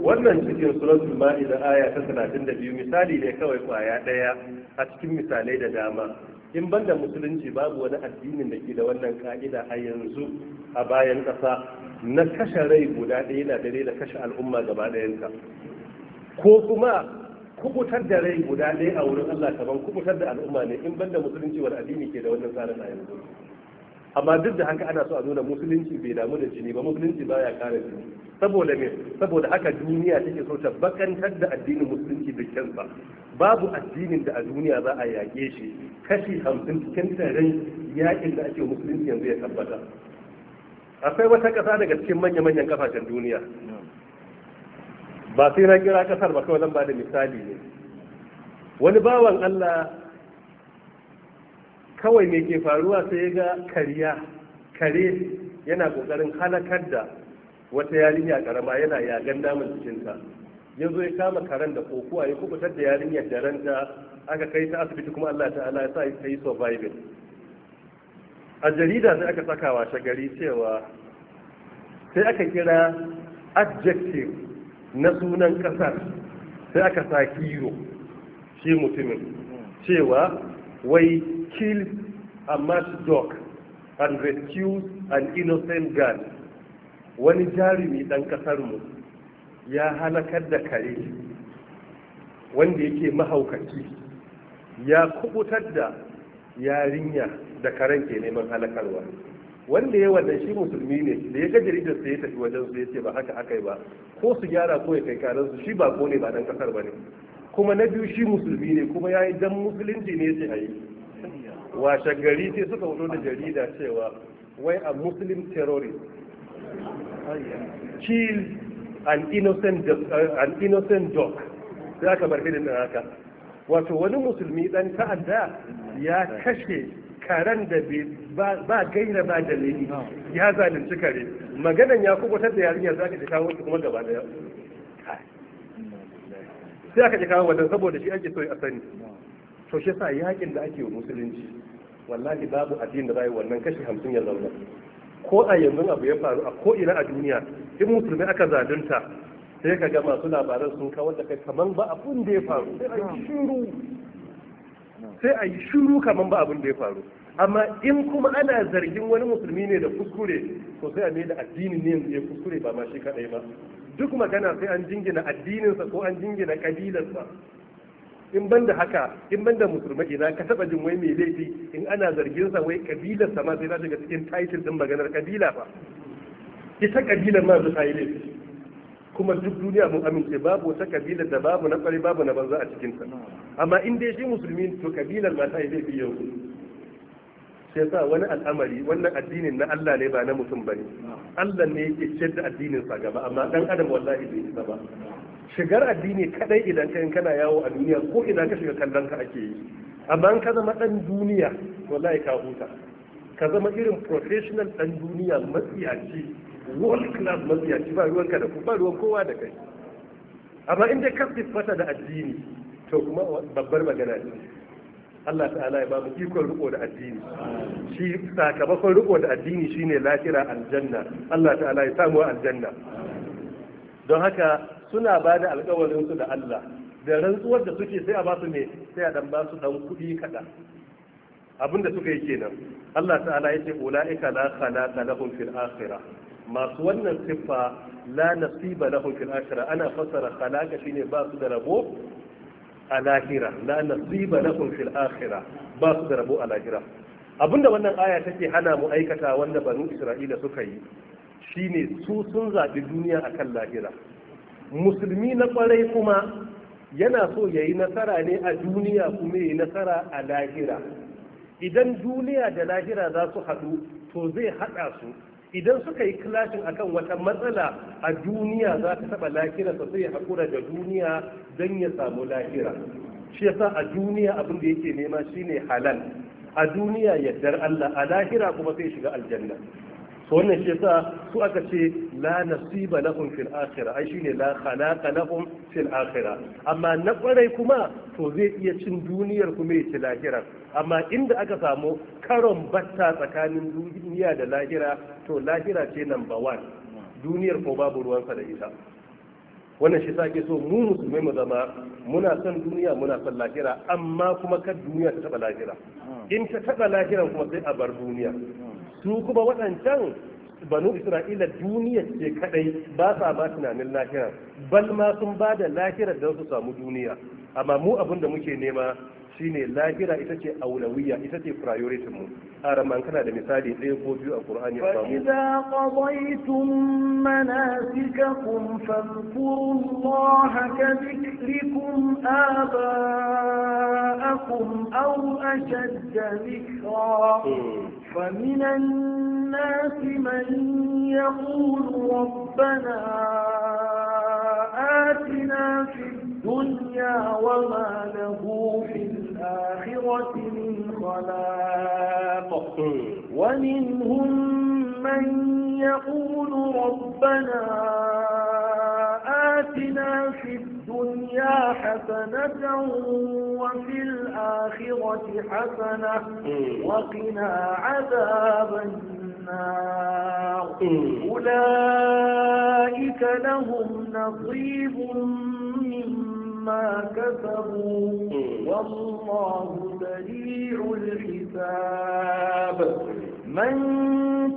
wannan cikin suratul ma'ida aya ta 32 misali ne kawai kwaya daya a cikin misalai da dama in ban da musulunci babu wani addinin da ke da wannan ka'ida a yanzu a bayan ƙasa na kashe rai guda ɗaya na dare da kashe al'umma gaba ɗayanka. ko kuma kubutar da rai guda ɗaya a wurin Allah kaban kubutar da al'umma ne in ban da musulunci wani addini ke da wannan tsarin a yanzu amma duk da haka ana so a nuna musulunci bai damu da jini ba musulunci baya kare jini saboda me saboda haka duniya take so ta bakantar da addinin musulunci da kansa babu addinin da a duniya za a yaƙe shi kashi hamsin cikin tarin yaƙin da ake musulunci yanzu ya tabbata akwai wata ƙasa daga cikin manya-manyan kafashen duniya ba sai na kira kasar ba kawai zan ba da misali ne wani bawan Allah kawai mai ke faruwa sai ya ga kariya kare yana kokarin halakar da wata yarinya karama yana yagan damun cikinta ya zo ya kama karen da kokuwa ya kubutar da yarinyar da ranta aka kai ta asibiti kuma Allah ta'ala ya sa ta yi surviving a jarida sai aka saka wa gari cewa sai aka kira adjective na sunan kasar sai aka sa hero shi mutumin cewa wai kill a mad dog and rescue an innocent girl wani jarumi ɗan ƙasarmu ya halakar da kare wanda yake mahaukaci ya kubutar da yarinya da karen ke neman halakarwa wanda ya wannan shi musulmi ne da ya ga jaridar sai ya tafi wajen su ya ce ba haka aka yi ba ko su gyara ko ya kai karansu shi ba ko ne ba dan kasar ba ne kuma na biyu shi musulmi ne kuma ya yi dan musulunci ne sai a yi washe gari sai suka fito da jarida cewa wai a muslim terrorist kill an innocent uh, an innocent dog sai aka bar hidin haka wato wani musulmi dan ta'adda ya kashe karen da ba gaira ba dalili ya zalunci kare maganan ya kubutar da yarinyar za ka ji kawo shi kuma gaba daya sai aka ji kawo wajen saboda shi ake so a sani to shi sa yakin da ake wa musulunci wallahi babu addinin da zai wannan kashi hamsin ya zauna ko a yanzu abu ya faru a ko ina a duniya in musulmi aka zalunta sai ka ga masu labaran sun kawar da kai kaman ba abun da ya faru sai a yi shiru sai a yi shiru kaman ba abun da ya faru amma in kuma ana zargin wani musulmi ne da kuskure to sai a da addinin ne ya kuskure ba ma shi kadai ba duk magana sai an jingina addininsa ko an jingina kabilarsa in ban da haka in ban da musulma ina ka taba jin wai mai laifi in ana zargin sa wai kabilar sa ma sai na shiga cikin title din maganar kabila fa ita kabilar ma su yi laifi kuma duk duniya mun amince babu wata kabila da babu na kwari babu na banza a cikin sa amma in dai shi musulmi to kabilar ma ta yi laifi sai sa wani al'amari wannan addinin na Allah ne ba na mutum bane Allah ne yake ciyar da addinin sa gaba amma dan adam wallahi bai isa ba shigar addini kadai idan kai kana yawo a duniya ko idan ka shiga kallon ka ake yi amma ka zama dan duniya wallahi ka huta ka zama irin professional dan duniya matsiyaci world class matsiyaci ba ruwanka da ku ba ruwan kowa da kai amma in dai ka fata da addini to kuma babbar magana ce Allah ta'ala ya ba mu ikon riko da addini shi sakamakon riko da addini shine lafira aljanna Allah ta'ala ya samu aljanna don haka suna ba da alkawarinsu da Allah da rantsuwar da suke sai a ba su ne sai a dan ba su dan kuɗi kaɗan abin da suka yi kenan Allah ta'ala yace ulaika la khalaqa lahum fil akhirah masu wannan siffa la nasiba lahum fil akhirah ana fasara khalaqa shine ba su da rabo a lahira la nasiba lahum fil akhirah ba su da rabo a lahira abinda wannan aya take hana mu aikata wanda banu isra'ila suka yi shine su sun zaɓi duniya akan lahira musulmi na kwarai kuma yana so ya yi nasara ne a duniya kuma ya yi nasara a lahira idan duniya da lahira za su haɗu to zai haɗa su idan suka yi kilashin a kan wata matsala a duniya za ta taɓa lahira sai hakura haƙura da duniya don ya samu lahira shi yasa a duniya abin da yake nema shine halal a duniya yardar Allah a lahira kuma sai shiga aljanna to wannan shi yasa su aka ce la nasiba lahum fil akhirah ai shine la khalaqa lahum fil akhirah amma na kwarai kuma to zai iya cin duniyar kuma ya ci lahira amma inda aka samu karon batta tsakanin duniya da lahira to lahira ce number one duniyar ko babu ruwansa da ita wannan shi sake so mu musulmai mu zama muna son duniya muna son lahira amma kuma kan duniya ta taba lahira in ta taba lahira kuma sai a bar duniya su kuma waɗancan banu isra'ila duniya ce kadai ba sa ba tunanin lahira bal ma sun ba da lahira don su samu duniya amma mu abin da muke nema shine lahira ita ce aulawiya ita ce priority mu aran man kana da misali ɗaya ko biyu a Qur'ani ya samu idza qadaytum manasikakum fadhkurullaha ka dhikrikum aba'akum aw ashadda dhikra فمن الناس من يقول ربنا آتنا في الدنيا وما له في الآخرة من خلاق ومنهم من يقول ربنا آتنا في الدنيا حسنة وفي الآخرة حسنة وقنا عذاب النار أولئك لهم نصيب ما كسبوا والله سريع الحساب من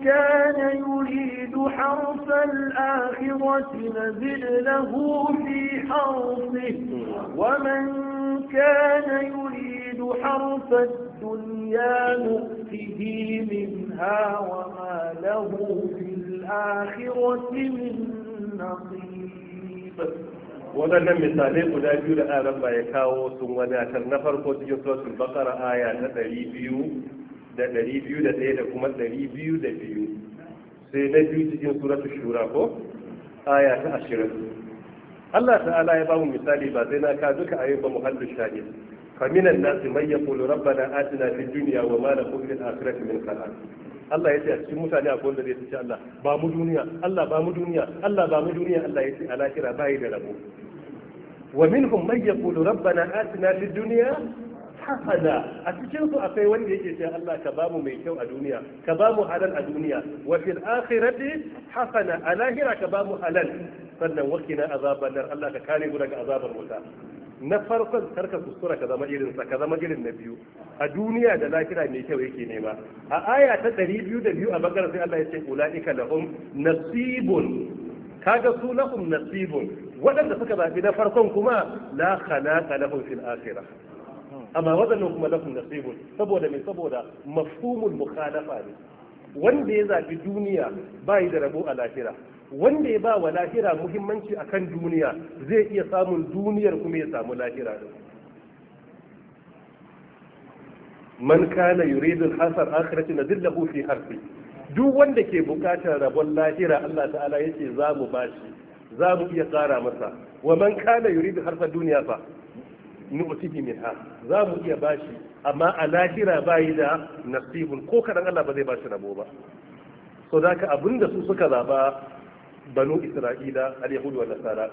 كان يريد حرف الآخرة نزل له في حرفه ومن كان يريد حرف الدنيا نؤته منها وما له في الآخرة من نصيب waɗannan misalai guda biyu da aran ba ya kawo sun wadatar na farko cikin suratul baqara aya na ɗari biyu da ɗari biyu da ɗaya da kuma ɗari biyu da biyu sai na biyu cikin suratul shura ko aya ta ashirin Allah ta'ala ya bamu misali ba sai na ka duka ba muhallu shahid فمن الناس من يقول ربنا آتنا fi duniya وما لكم في الآخرة min kala. Allah ya ce a cikin mutane a wanda zai ce Allah ba mu duniya Allah ba mu duniya Allah ba mu duniya Allah ya ce a lahira bai da rabo Wa ومنهم من يقول ربنا آتنا في duniya? hasana a cikinsu su akwai wanda yake a Allah ka bamu mai kyau a duniya ka bamu halal a duniya wa fil akhirati hasana a lahira ka bamu anan, sannan wakina azaban nar Allah ka kare mu daga azabar wuta na farkon karka kuskura ka zama irin sa ka zama irin na biyu a duniya da lahira mai kyau yake nema a aya ta ɗari 202 a bakar sai Allah ya ce ulaika lahum nasibun kaga su lahum nasibun waɗanda suka zafi na farkon kuma la khalaqa lahum fil akhirah amma waɗannan kuma lahum nasibun saboda me saboda mafhumul mukhalafa ne wanda ya zafi duniya bai da rabo a lahira wanda ya ba wa lahira muhimmanci akan duniya zai iya samun duniyar kuma ya samu lahira din man kana yuridu al-hasar akhirati nadillahu fi harfi duk wanda ke bukatar rabon lahira Allah ta'ala yace za mu bashi za mu iya tsara masa wa man kana da harfa duniya fa nu'tihi minha za mu iya bashi amma a lahira bayi da nasibun ko kadan Allah ba zai bashi rabo ba so da abinda su suka zaba banu isra'ila al-yahudu wa nasara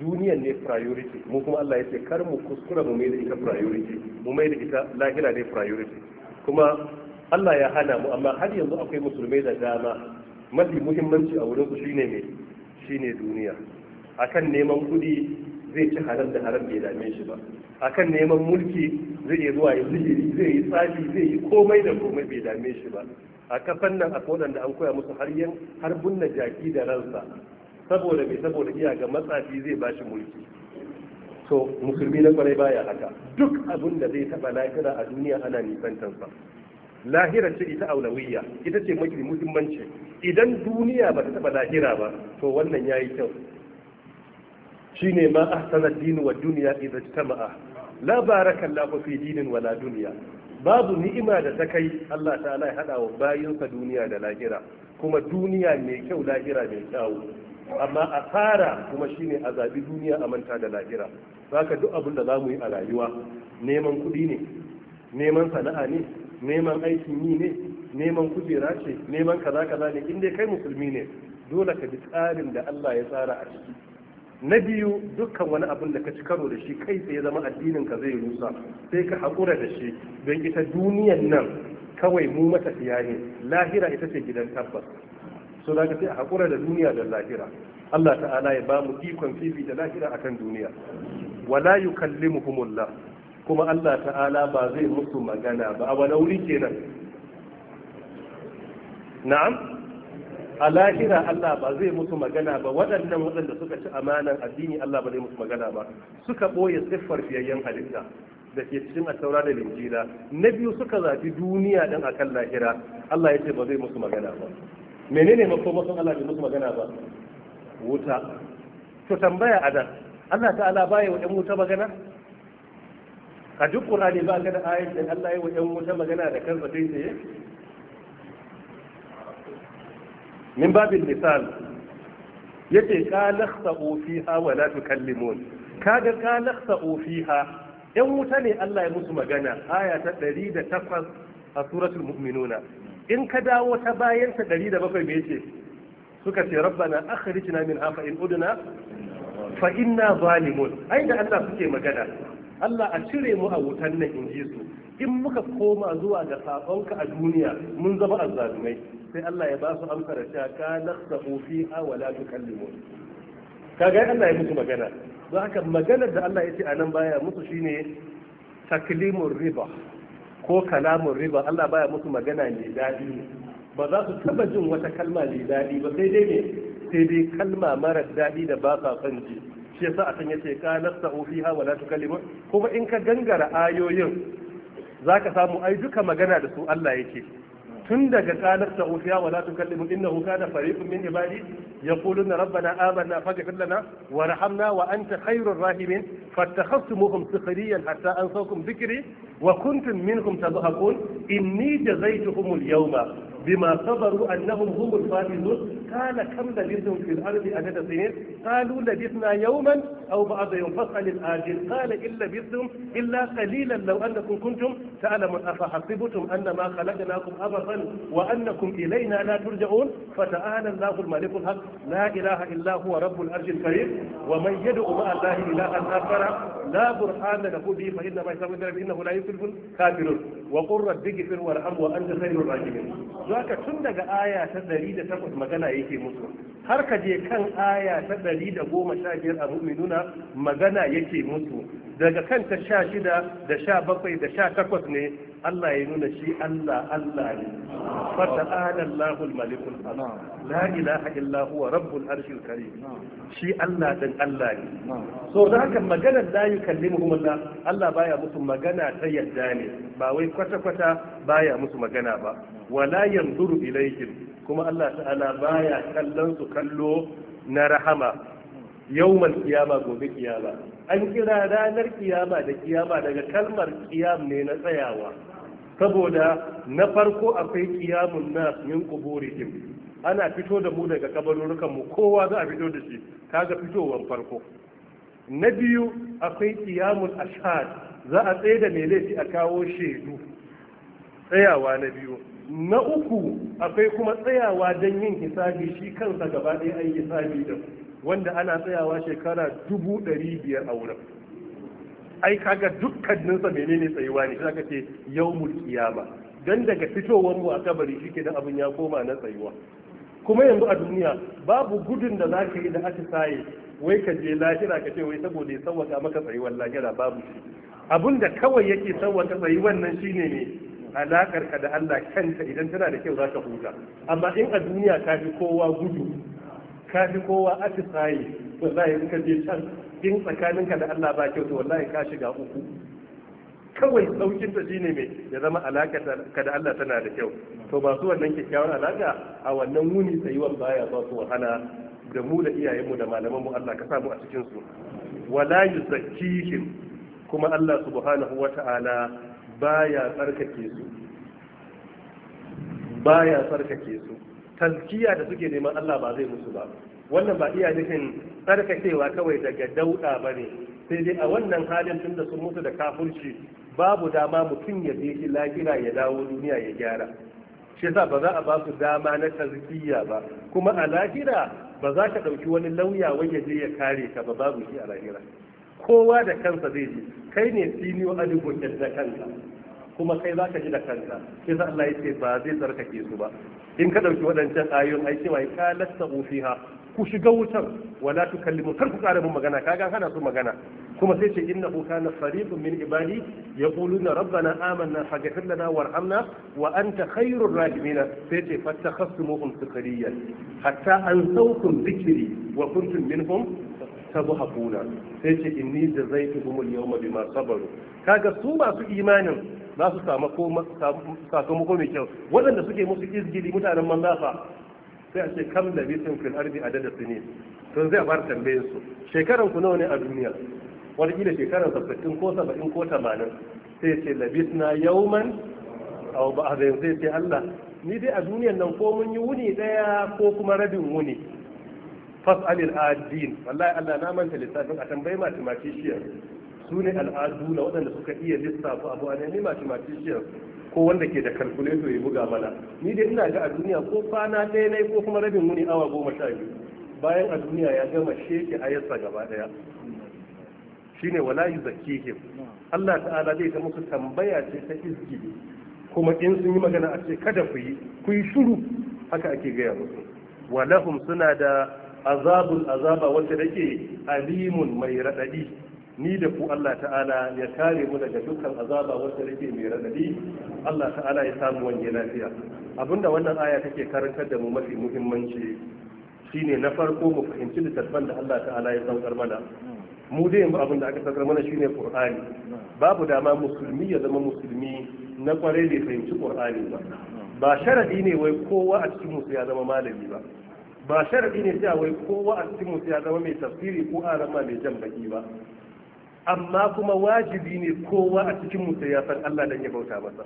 Duniya ne priority mu kuma Allah ya kar mu kuskura mu mai da ita priority mu mai da ita lahira ne priority kuma Allah ya hana mu amma har yanzu akwai musulmai da dama mafi muhimmanci a wurin su shine mai shine duniya akan neman kudi zai ci haram da haram bai dame shi ba akan neman mulki zai iya zuwa ya zai yi tsafi zai yi komai da komai bai dame shi ba a kafan nan akwai waɗanda an koya musu har yan har bunna jaki da ransa saboda bai saboda iya ga matsafi zai ba shi mulki to musulmi na kwarai baya haka duk abin da zai taɓa lafiya a duniya ana nisan tansa lahira ce ita aulawiyya ita ce mafi muhimmanci idan duniya ba ta taba lahira ba to wannan yayi kyau shine ma ahsana din wa duniya idza tama'a la barakallahu fi dinin la duniya. babu ni'ima da ta kai Allah ta'ala ya hada wa sa duniya da lahira kuma duniya mai kyau lahira mai kyau amma asara kuma shine a zabi duniya a manta da lahira zaka duk abin da zamu yi a rayuwa neman kuɗi ne neman sana'a ne neman aikin yi ne neman kujera ce neman kaza kaza ne inda kai musulmi ne dole ka bi tsarin da Allah ya tsara a ciki na biyu dukkan wani abin da ka ci karo da shi kai ya zama addinin ka zai rusa sai ka haƙura da shi don ita duniyan nan kawai mu matafiya ne lahira ita ce gidan tabbas so da sai a haƙura da duniya da lahira Allah ta'ala ya ba mu ikon fifi da lahira akan duniya wala yukallimuhumullah kuma Allah ta'ala ba zai musu magana ba a wani wuri kenan na'am a lahira Allah ba zai musu magana ba waɗannan waɗanda suka ci amanan addini Allah ba zai musu magana ba suka ɓoye siffar fiyayyen halitta da ke cikin attaura da linjila na biyu suka zafi duniya ɗin akan lahira Allah ya ce ba zai musu magana ba menene makomason Allah bai musu magana ba wuta to tambaya a nan Allah ta'ala baya wa ɗan wuta magana a duk ƙurani ba ka da ayat da Allah ya wa ‘yan wuta magana da kansa kai tsaye? min babin misal ya ce kalak ha wa la tukallimun kaga kalak sa'ofi ha ‘yan wuta ne Allah ya musu magana aya ta ɗari da takwas a suratul mu'minuna in ka dawo ta bayan ta ɗari da bakwai me ce suka ce rabbana akhrijna min hafa in udna fa inna zalimun ai da Allah suke magana Allah a cire mu a wutan nan in ji su in muka koma zuwa ga sabonka a duniya mun zama azzalumai sai Allah ya ba su amsa da cewa ka nasahu fi awala tukallimu kaga Allah ya musu magana don haka maganar da Allah ya ce a nan baya musu shine taklimun riba ko kalamun riba Allah baya musu magana mai daɗi ba za su taba jin wata kalma mai daɗi ba sai dai ne sai dai kalma mara daɗi da ba sa son shi yasa a can yace qalat sa'u fiha wa la kuma in ka gangara ayoyin zaka samu ai duka magana da su Allah yake tun daga qalat sa'u fiha wa la tukallimun na kana fariqun min ibadi yaquluna rabbana amanna faghfir faga warhamna wa ta khairur rahimin fattakhasumuhum sukhriyan hatta ansawkum dhikri wa kuntum minhum tadhakun inni zai tuhumu yauma. بما صبروا أنهم هم الفائزون قال كم لبثتم في الأرض عدد سنين قالوا لبثنا يوما أو بعض يوم فاسأل الآجل قال إن لبثتم إلا قليلا لو أنكم كنتم تعلمون أفحسبتم أنما خلقناكم أبدا وأنكم إلينا لا ترجعون فتعالى الله الملك الحق لا إله إلا هو رب الأرض الكريم ومن يدعو مع الله إلها آخر لا برهان له به فإنما يسمى إنه لا يفلح الكافرون wa qurra bigfir warham wa anta khairur rahimin zaka tun daga aya ta 108 magana yake musu har ka je kan aya ta 115 a mu'minuna magana yake musu daga kan ta 16 da 17 da 18 ne Allah ya nuna shi Allah Allah ne fata'ala Allahul malikul la ilaha illa huwa rabbul arshil karim shi Allah dan Allah ne so da haka maganar la yukallimuhum Allah Allah baya musu magana ta yadda ne ba wai kwata kwata baya musu magana ba wala yanzuru ilayhim kuma Allah ta'ala baya kallon su kallo na rahama yawmal qiyama gobe qiyama an kira ranar kiyama da kiyama daga kalmar kiyam ne na tsayawa saboda na farko akwai kiyamun na min kuburihim ana fito da mu daga kabarurukan mu kowa za a fito da shi kaga fitowar farko na biyu akwai kiyamun ashad za a tsaye da mai laifi a kawo shaidu tsayawa na biyu na uku akwai kuma tsayawa don yin hisabi shi kansa gaba ɗaya an hisabi da ku wanda ana tsayawa shekara dubu ɗari biyar a wurin ai kaga dukkaninsa menene tsayuwa ne ka ce yau mulkiya kiyama dan daga fitowar mu a kabari shike da abin ya koma na tsayuwa kuma yanzu a duniya babu gudun da zaka yi da aka saye wai ka je lahira ka ce wai saboda ya sawwaka maka tsayuwar lahira babu shi da kawai yake sawwaka tsayuwar nan shine ne alakar ka da Allah kanta idan tana da kyau zaka huta amma in a duniya ka fi kowa gudu ka fi kowa atisaye wallahi in ka je can in tsakaninka da Allah ba kyau to wallahi ka shiga uku kawai saukin ta shine mai ya zama alaka ka da Allah tana da kyau to ba su wannan kyakkyawar alaka a wannan wuni tsayuwar baya ba su wahala da mu da iyayenmu da malaman mu Allah ka samu a cikin su wala yuzakkihim kuma Allah subhanahu wata'ala baya tsarkake su baya tsarkake su talkiya da suke neman Allah ba zai musu ba wannan ba iya nufin tsarkakewa kawai daga dauda ba ne sai dai a wannan halin tun da sun mutu da kafurci babu dama mutum ya je shi ya dawo duniya ya gyara shi yasa ba za a ba su dama na tazkiya ba kuma a lahira ba za ka ɗauki wani lauya wanda je ya kare ka ba babu shi a lahira kowa da kansa zai je kai ne senior alibu da kanka kuma kai za ka ji da kanka sai Allah ya ce ba zai tsarkake su ba in ka ɗauki waɗancan ayoyin ai cewa ka lasta ufiha ku shiga wutar wala tukallimu kar ku ƙara mun magana kaga hana su magana kuma sai ce innahu kana fariqun min ibadi yaquluna rabbana amanna faghfir lana warhamna wa anta khairur rahimin sai ce fattakhasumuhum sukhriyan hatta ansawkum dhikri wa kuntum minhum tabhaquna sai ce inni jazaituhum al-yawma bima sabaru kaga su masu imanin za su samu sakamako mai kyau waɗanda suke musu izgili mutanen manzafa sai a ce kam da bitin fil dada su ne. sun zai bar tambayin su shekaran ku nawa ne a duniya wani kila shekaran sabbatin ko saba'in ko tamanin. sai ce a wa ba'a zai sai ce Allah ni dai a duniyan nan ko mun yi wuni daya ko kuma rabin wuni fas'alil adin wallahi Allah na manta lissafin a tambayi matematishiya su ne al'adu na waɗanda suka iya lissafa abu a ne mathematician ko wanda ke da kalkuleto ya buga mana ni dai ina ga a duniya ko kwana ɗaya na ko kuma rabin wuni awa goma sha biyu bayan a duniya ya gama sheke ayarsa gaba ɗaya shine wala yuzakkihim Allah ta'ala zai ta musu tambaya ce ta izgi. kuma in sun yi magana a ce kada ku yi ku yi shuru haka ake gaya musu walahum suna da azabul azaba wanda ke alimun mai raɗaɗi ni da ku Allah ta'ala ya kare mu daga dukkan azaba wanda yake mai radadi Allah ta'ala ya samu wani lafiya abinda wannan aya take karantar da mu mafi muhimmanci shine na farko mu fahimci littattafan da Allah ta'ala ya saukar mana mu dai abin da aka saukar mana shine Qur'ani babu dama musulmi ya zama musulmi na kware da fahimci Qur'ani ba ba sharadi ne wai kowa a cikin musu ya zama malami ba ba sharadi ne sai wai kowa a cikin musu ya zama mai tafsiri ko arama mai jan baki ba amma kuma wajibi ne kowa a cikin mutum ya san Allah dan ya bauta masa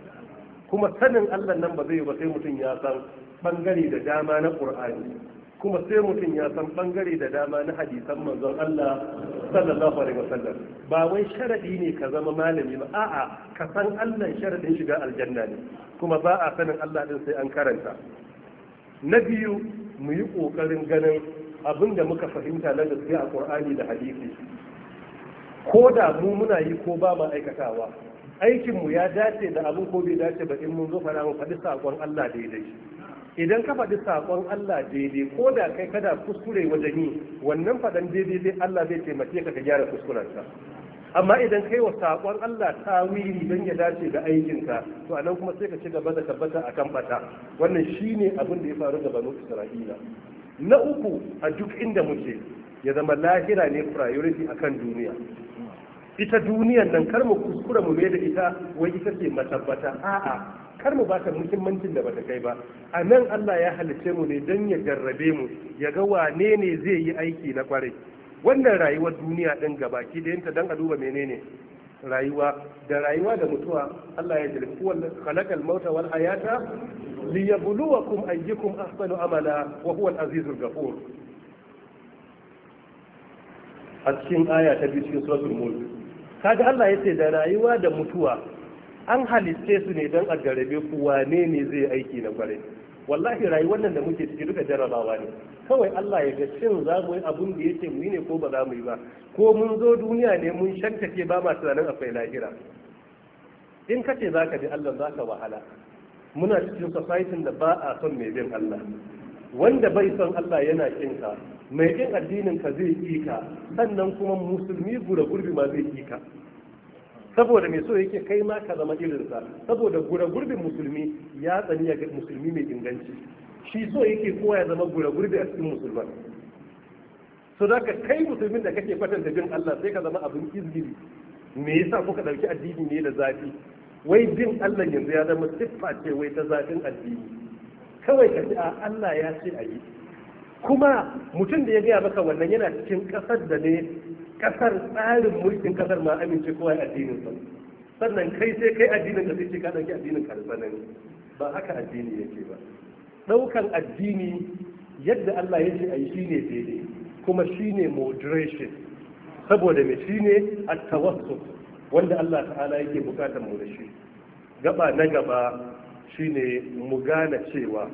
kuma sanin Allah nan ba zai ba sai mutum ya san bangare da dama na Qur'ani kuma sai mutum ya san bangare da dama na hadisan manzon Allah sallallahu alaihi wasallam ba wai sharaɗi ne ka zama malami ba a'a ka san Allah sharaɗin shiga aljanna ne kuma ba a sanin Allah din sai an karanta na biyu mu yi kokarin ganin abin da muka fahimta na gaske a Qur'ani da hadisi ko da mu muna yi ko ba mu aikatawa aikinmu ya dace da abin ko bai dace ba in mun zo fara mu faɗi saƙon Allah daidai idan ka faɗi saƙon Allah daidai ko da kai kada kuskure wajen yi wannan faɗan daidai dai Allah zai taimake ka ka gyara kuskurenka amma idan kai wa saƙon Allah tawiri don ya dace da aikinka to a nan kuma sai ka ci gaba da tabbata a kan bata wannan shine abin da ya faru da banu Isra'ila na uku a duk inda muke ya zama lahira ne priority akan duniya ita duniyar nan kar mu kuskura mu mai da ita wai ita ce matabbata a'a kar mu bata muhimmancin da bata kai ba a nan Allah ya halice mu ne don ya jarrabe mu ya ga wane ne zai yi aiki na kwarai wannan rayuwar duniya din gabaki da yanta dan a duba menene rayuwa da rayuwa da mutuwa Allah ya jirfi wannan khalaqal mauta wal hayata liyabluwakum ayyukum ahsanu amala wa huwa al azizul ghafur a cikin aya ta biyu cikin suratul mulk kaga Allah ya ce da rayuwa da mutuwa an halitte su ne don a jarabe ku wane ne zai aiki na kwarai wallahi rayuwar nan da muke ciki duka jarabawa ne kawai Allah ya ga shin za mu yi abun da yake mu yi ne ko ba za mu yi ba ko mun zo duniya ne mun shantake ba ma tunanin akwai lahira in ka ce zaka bi Allah zaka wahala muna cikin society da ba a son mai bin Allah wanda bai son Allah yana kinka mai ɗin addinin ka zai ika sannan kuma musulmi gura gurbi ma zai ika saboda mai so yake kai ma ka zama irinsa saboda gura gurbin musulmi ya tsani ga musulmi mai inganci shi so yake kowa ya zama gura gurbi a cikin musulman so da kai musulmin da kake kwatanta bin Allah sai ka zama abin izgiri me yasa kuka dauki addini ne da zafi wai bin Allah yanzu ya zama siffa ce wai ta zafin addini kawai ka ce a Allah ya ce a yi kuma mutum da ya gaya maka wannan yana cikin kasar da ne kasar tsarin mulkin kasar ma amince kowa ya addinin sa sannan kai sai kai addinin da sai ce ka dauki addinin ka ba haka addini yake ba daukan addini yadda Allah ya ce a yi shine daidai kuma shine moderation saboda me shine at-tawassul wanda Allah ta'ala yake bukatar mu da shi gaba na gaba shine mu gane cewa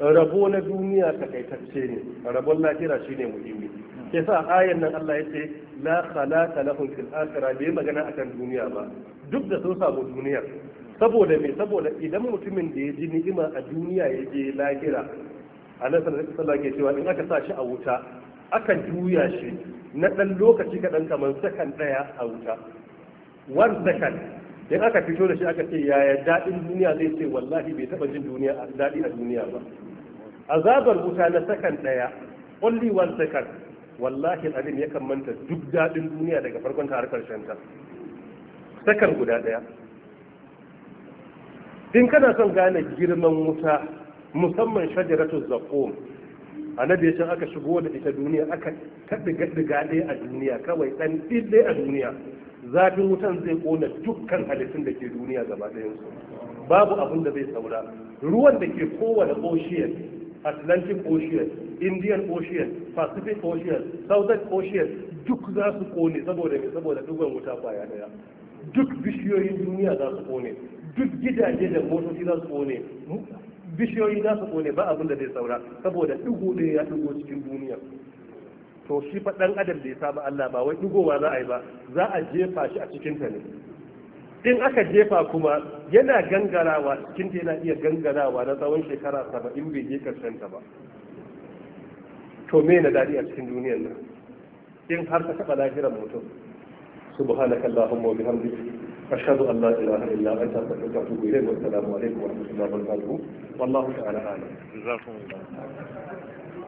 rabo na duniya takaitacce ne rabon shi shine muhimmi ke sa ayan nan Allah ya ce la khalaqa lahum fil akhirah bai magana akan duniya ba duk da sun samu duniya saboda me saboda idan mutumin da ya ji ni'ima a duniya ya je lahira annabi sallallahu alaihi wasallam cewa in aka sa shi a wuta aka juya shi na dan lokaci kadan kamar sakan daya a wuta one second idan aka fito da shi aka ce yaya dadin duniya zai ce wallahi bai taba jin duniya a dadi a duniya ba azabar wuta na sakan ɗaya, only one second wallahi alim yakan manta duk daɗin duniya daga farkon ta har karshen ta sakan guda ɗaya. in kana son gane girman wuta musamman shajaratu zaqum annabi ya ce aka shigo da ita duniya aka taɓiga a duniya kawai dan dille a duniya zafin wutan zai ƙona dukkan halittun da ke duniya gaba ɗayansu babu abin da zai saura ruwan da ke kowane ocean Atlantic Ocean, Indian Ocean, Pacific Ocean, Southern Ocean duk za su kone saboda mai saboda dugon wuta baya daya. Duk bishiyoyin duniya za su kone, duk gidaje da motoci za su kone, bishiyoyi za su kone ba abin da zai saura saboda dugo ɗaya ya dugo cikin duniya. To shi faɗan adam da ya saba Allah ba wai dugowa za a yi ba, za a jefa shi a cikin ta ne. in aka jefa kuma yana gangarawa cikin yana iya gangarawa na tsawon shekara saba'in bai je karshen ta ba to me na dadi a cikin duniyar nan in har ka taba lahiran mutum subhanaka allahumma wa bihamdika ashhadu an la ilaha illa anta astaghfiruka wa atubu ilayk wa assalamu alaikum wa rahmatullahi wa barakatuh wallahu ta'ala a'lam jazakumullahu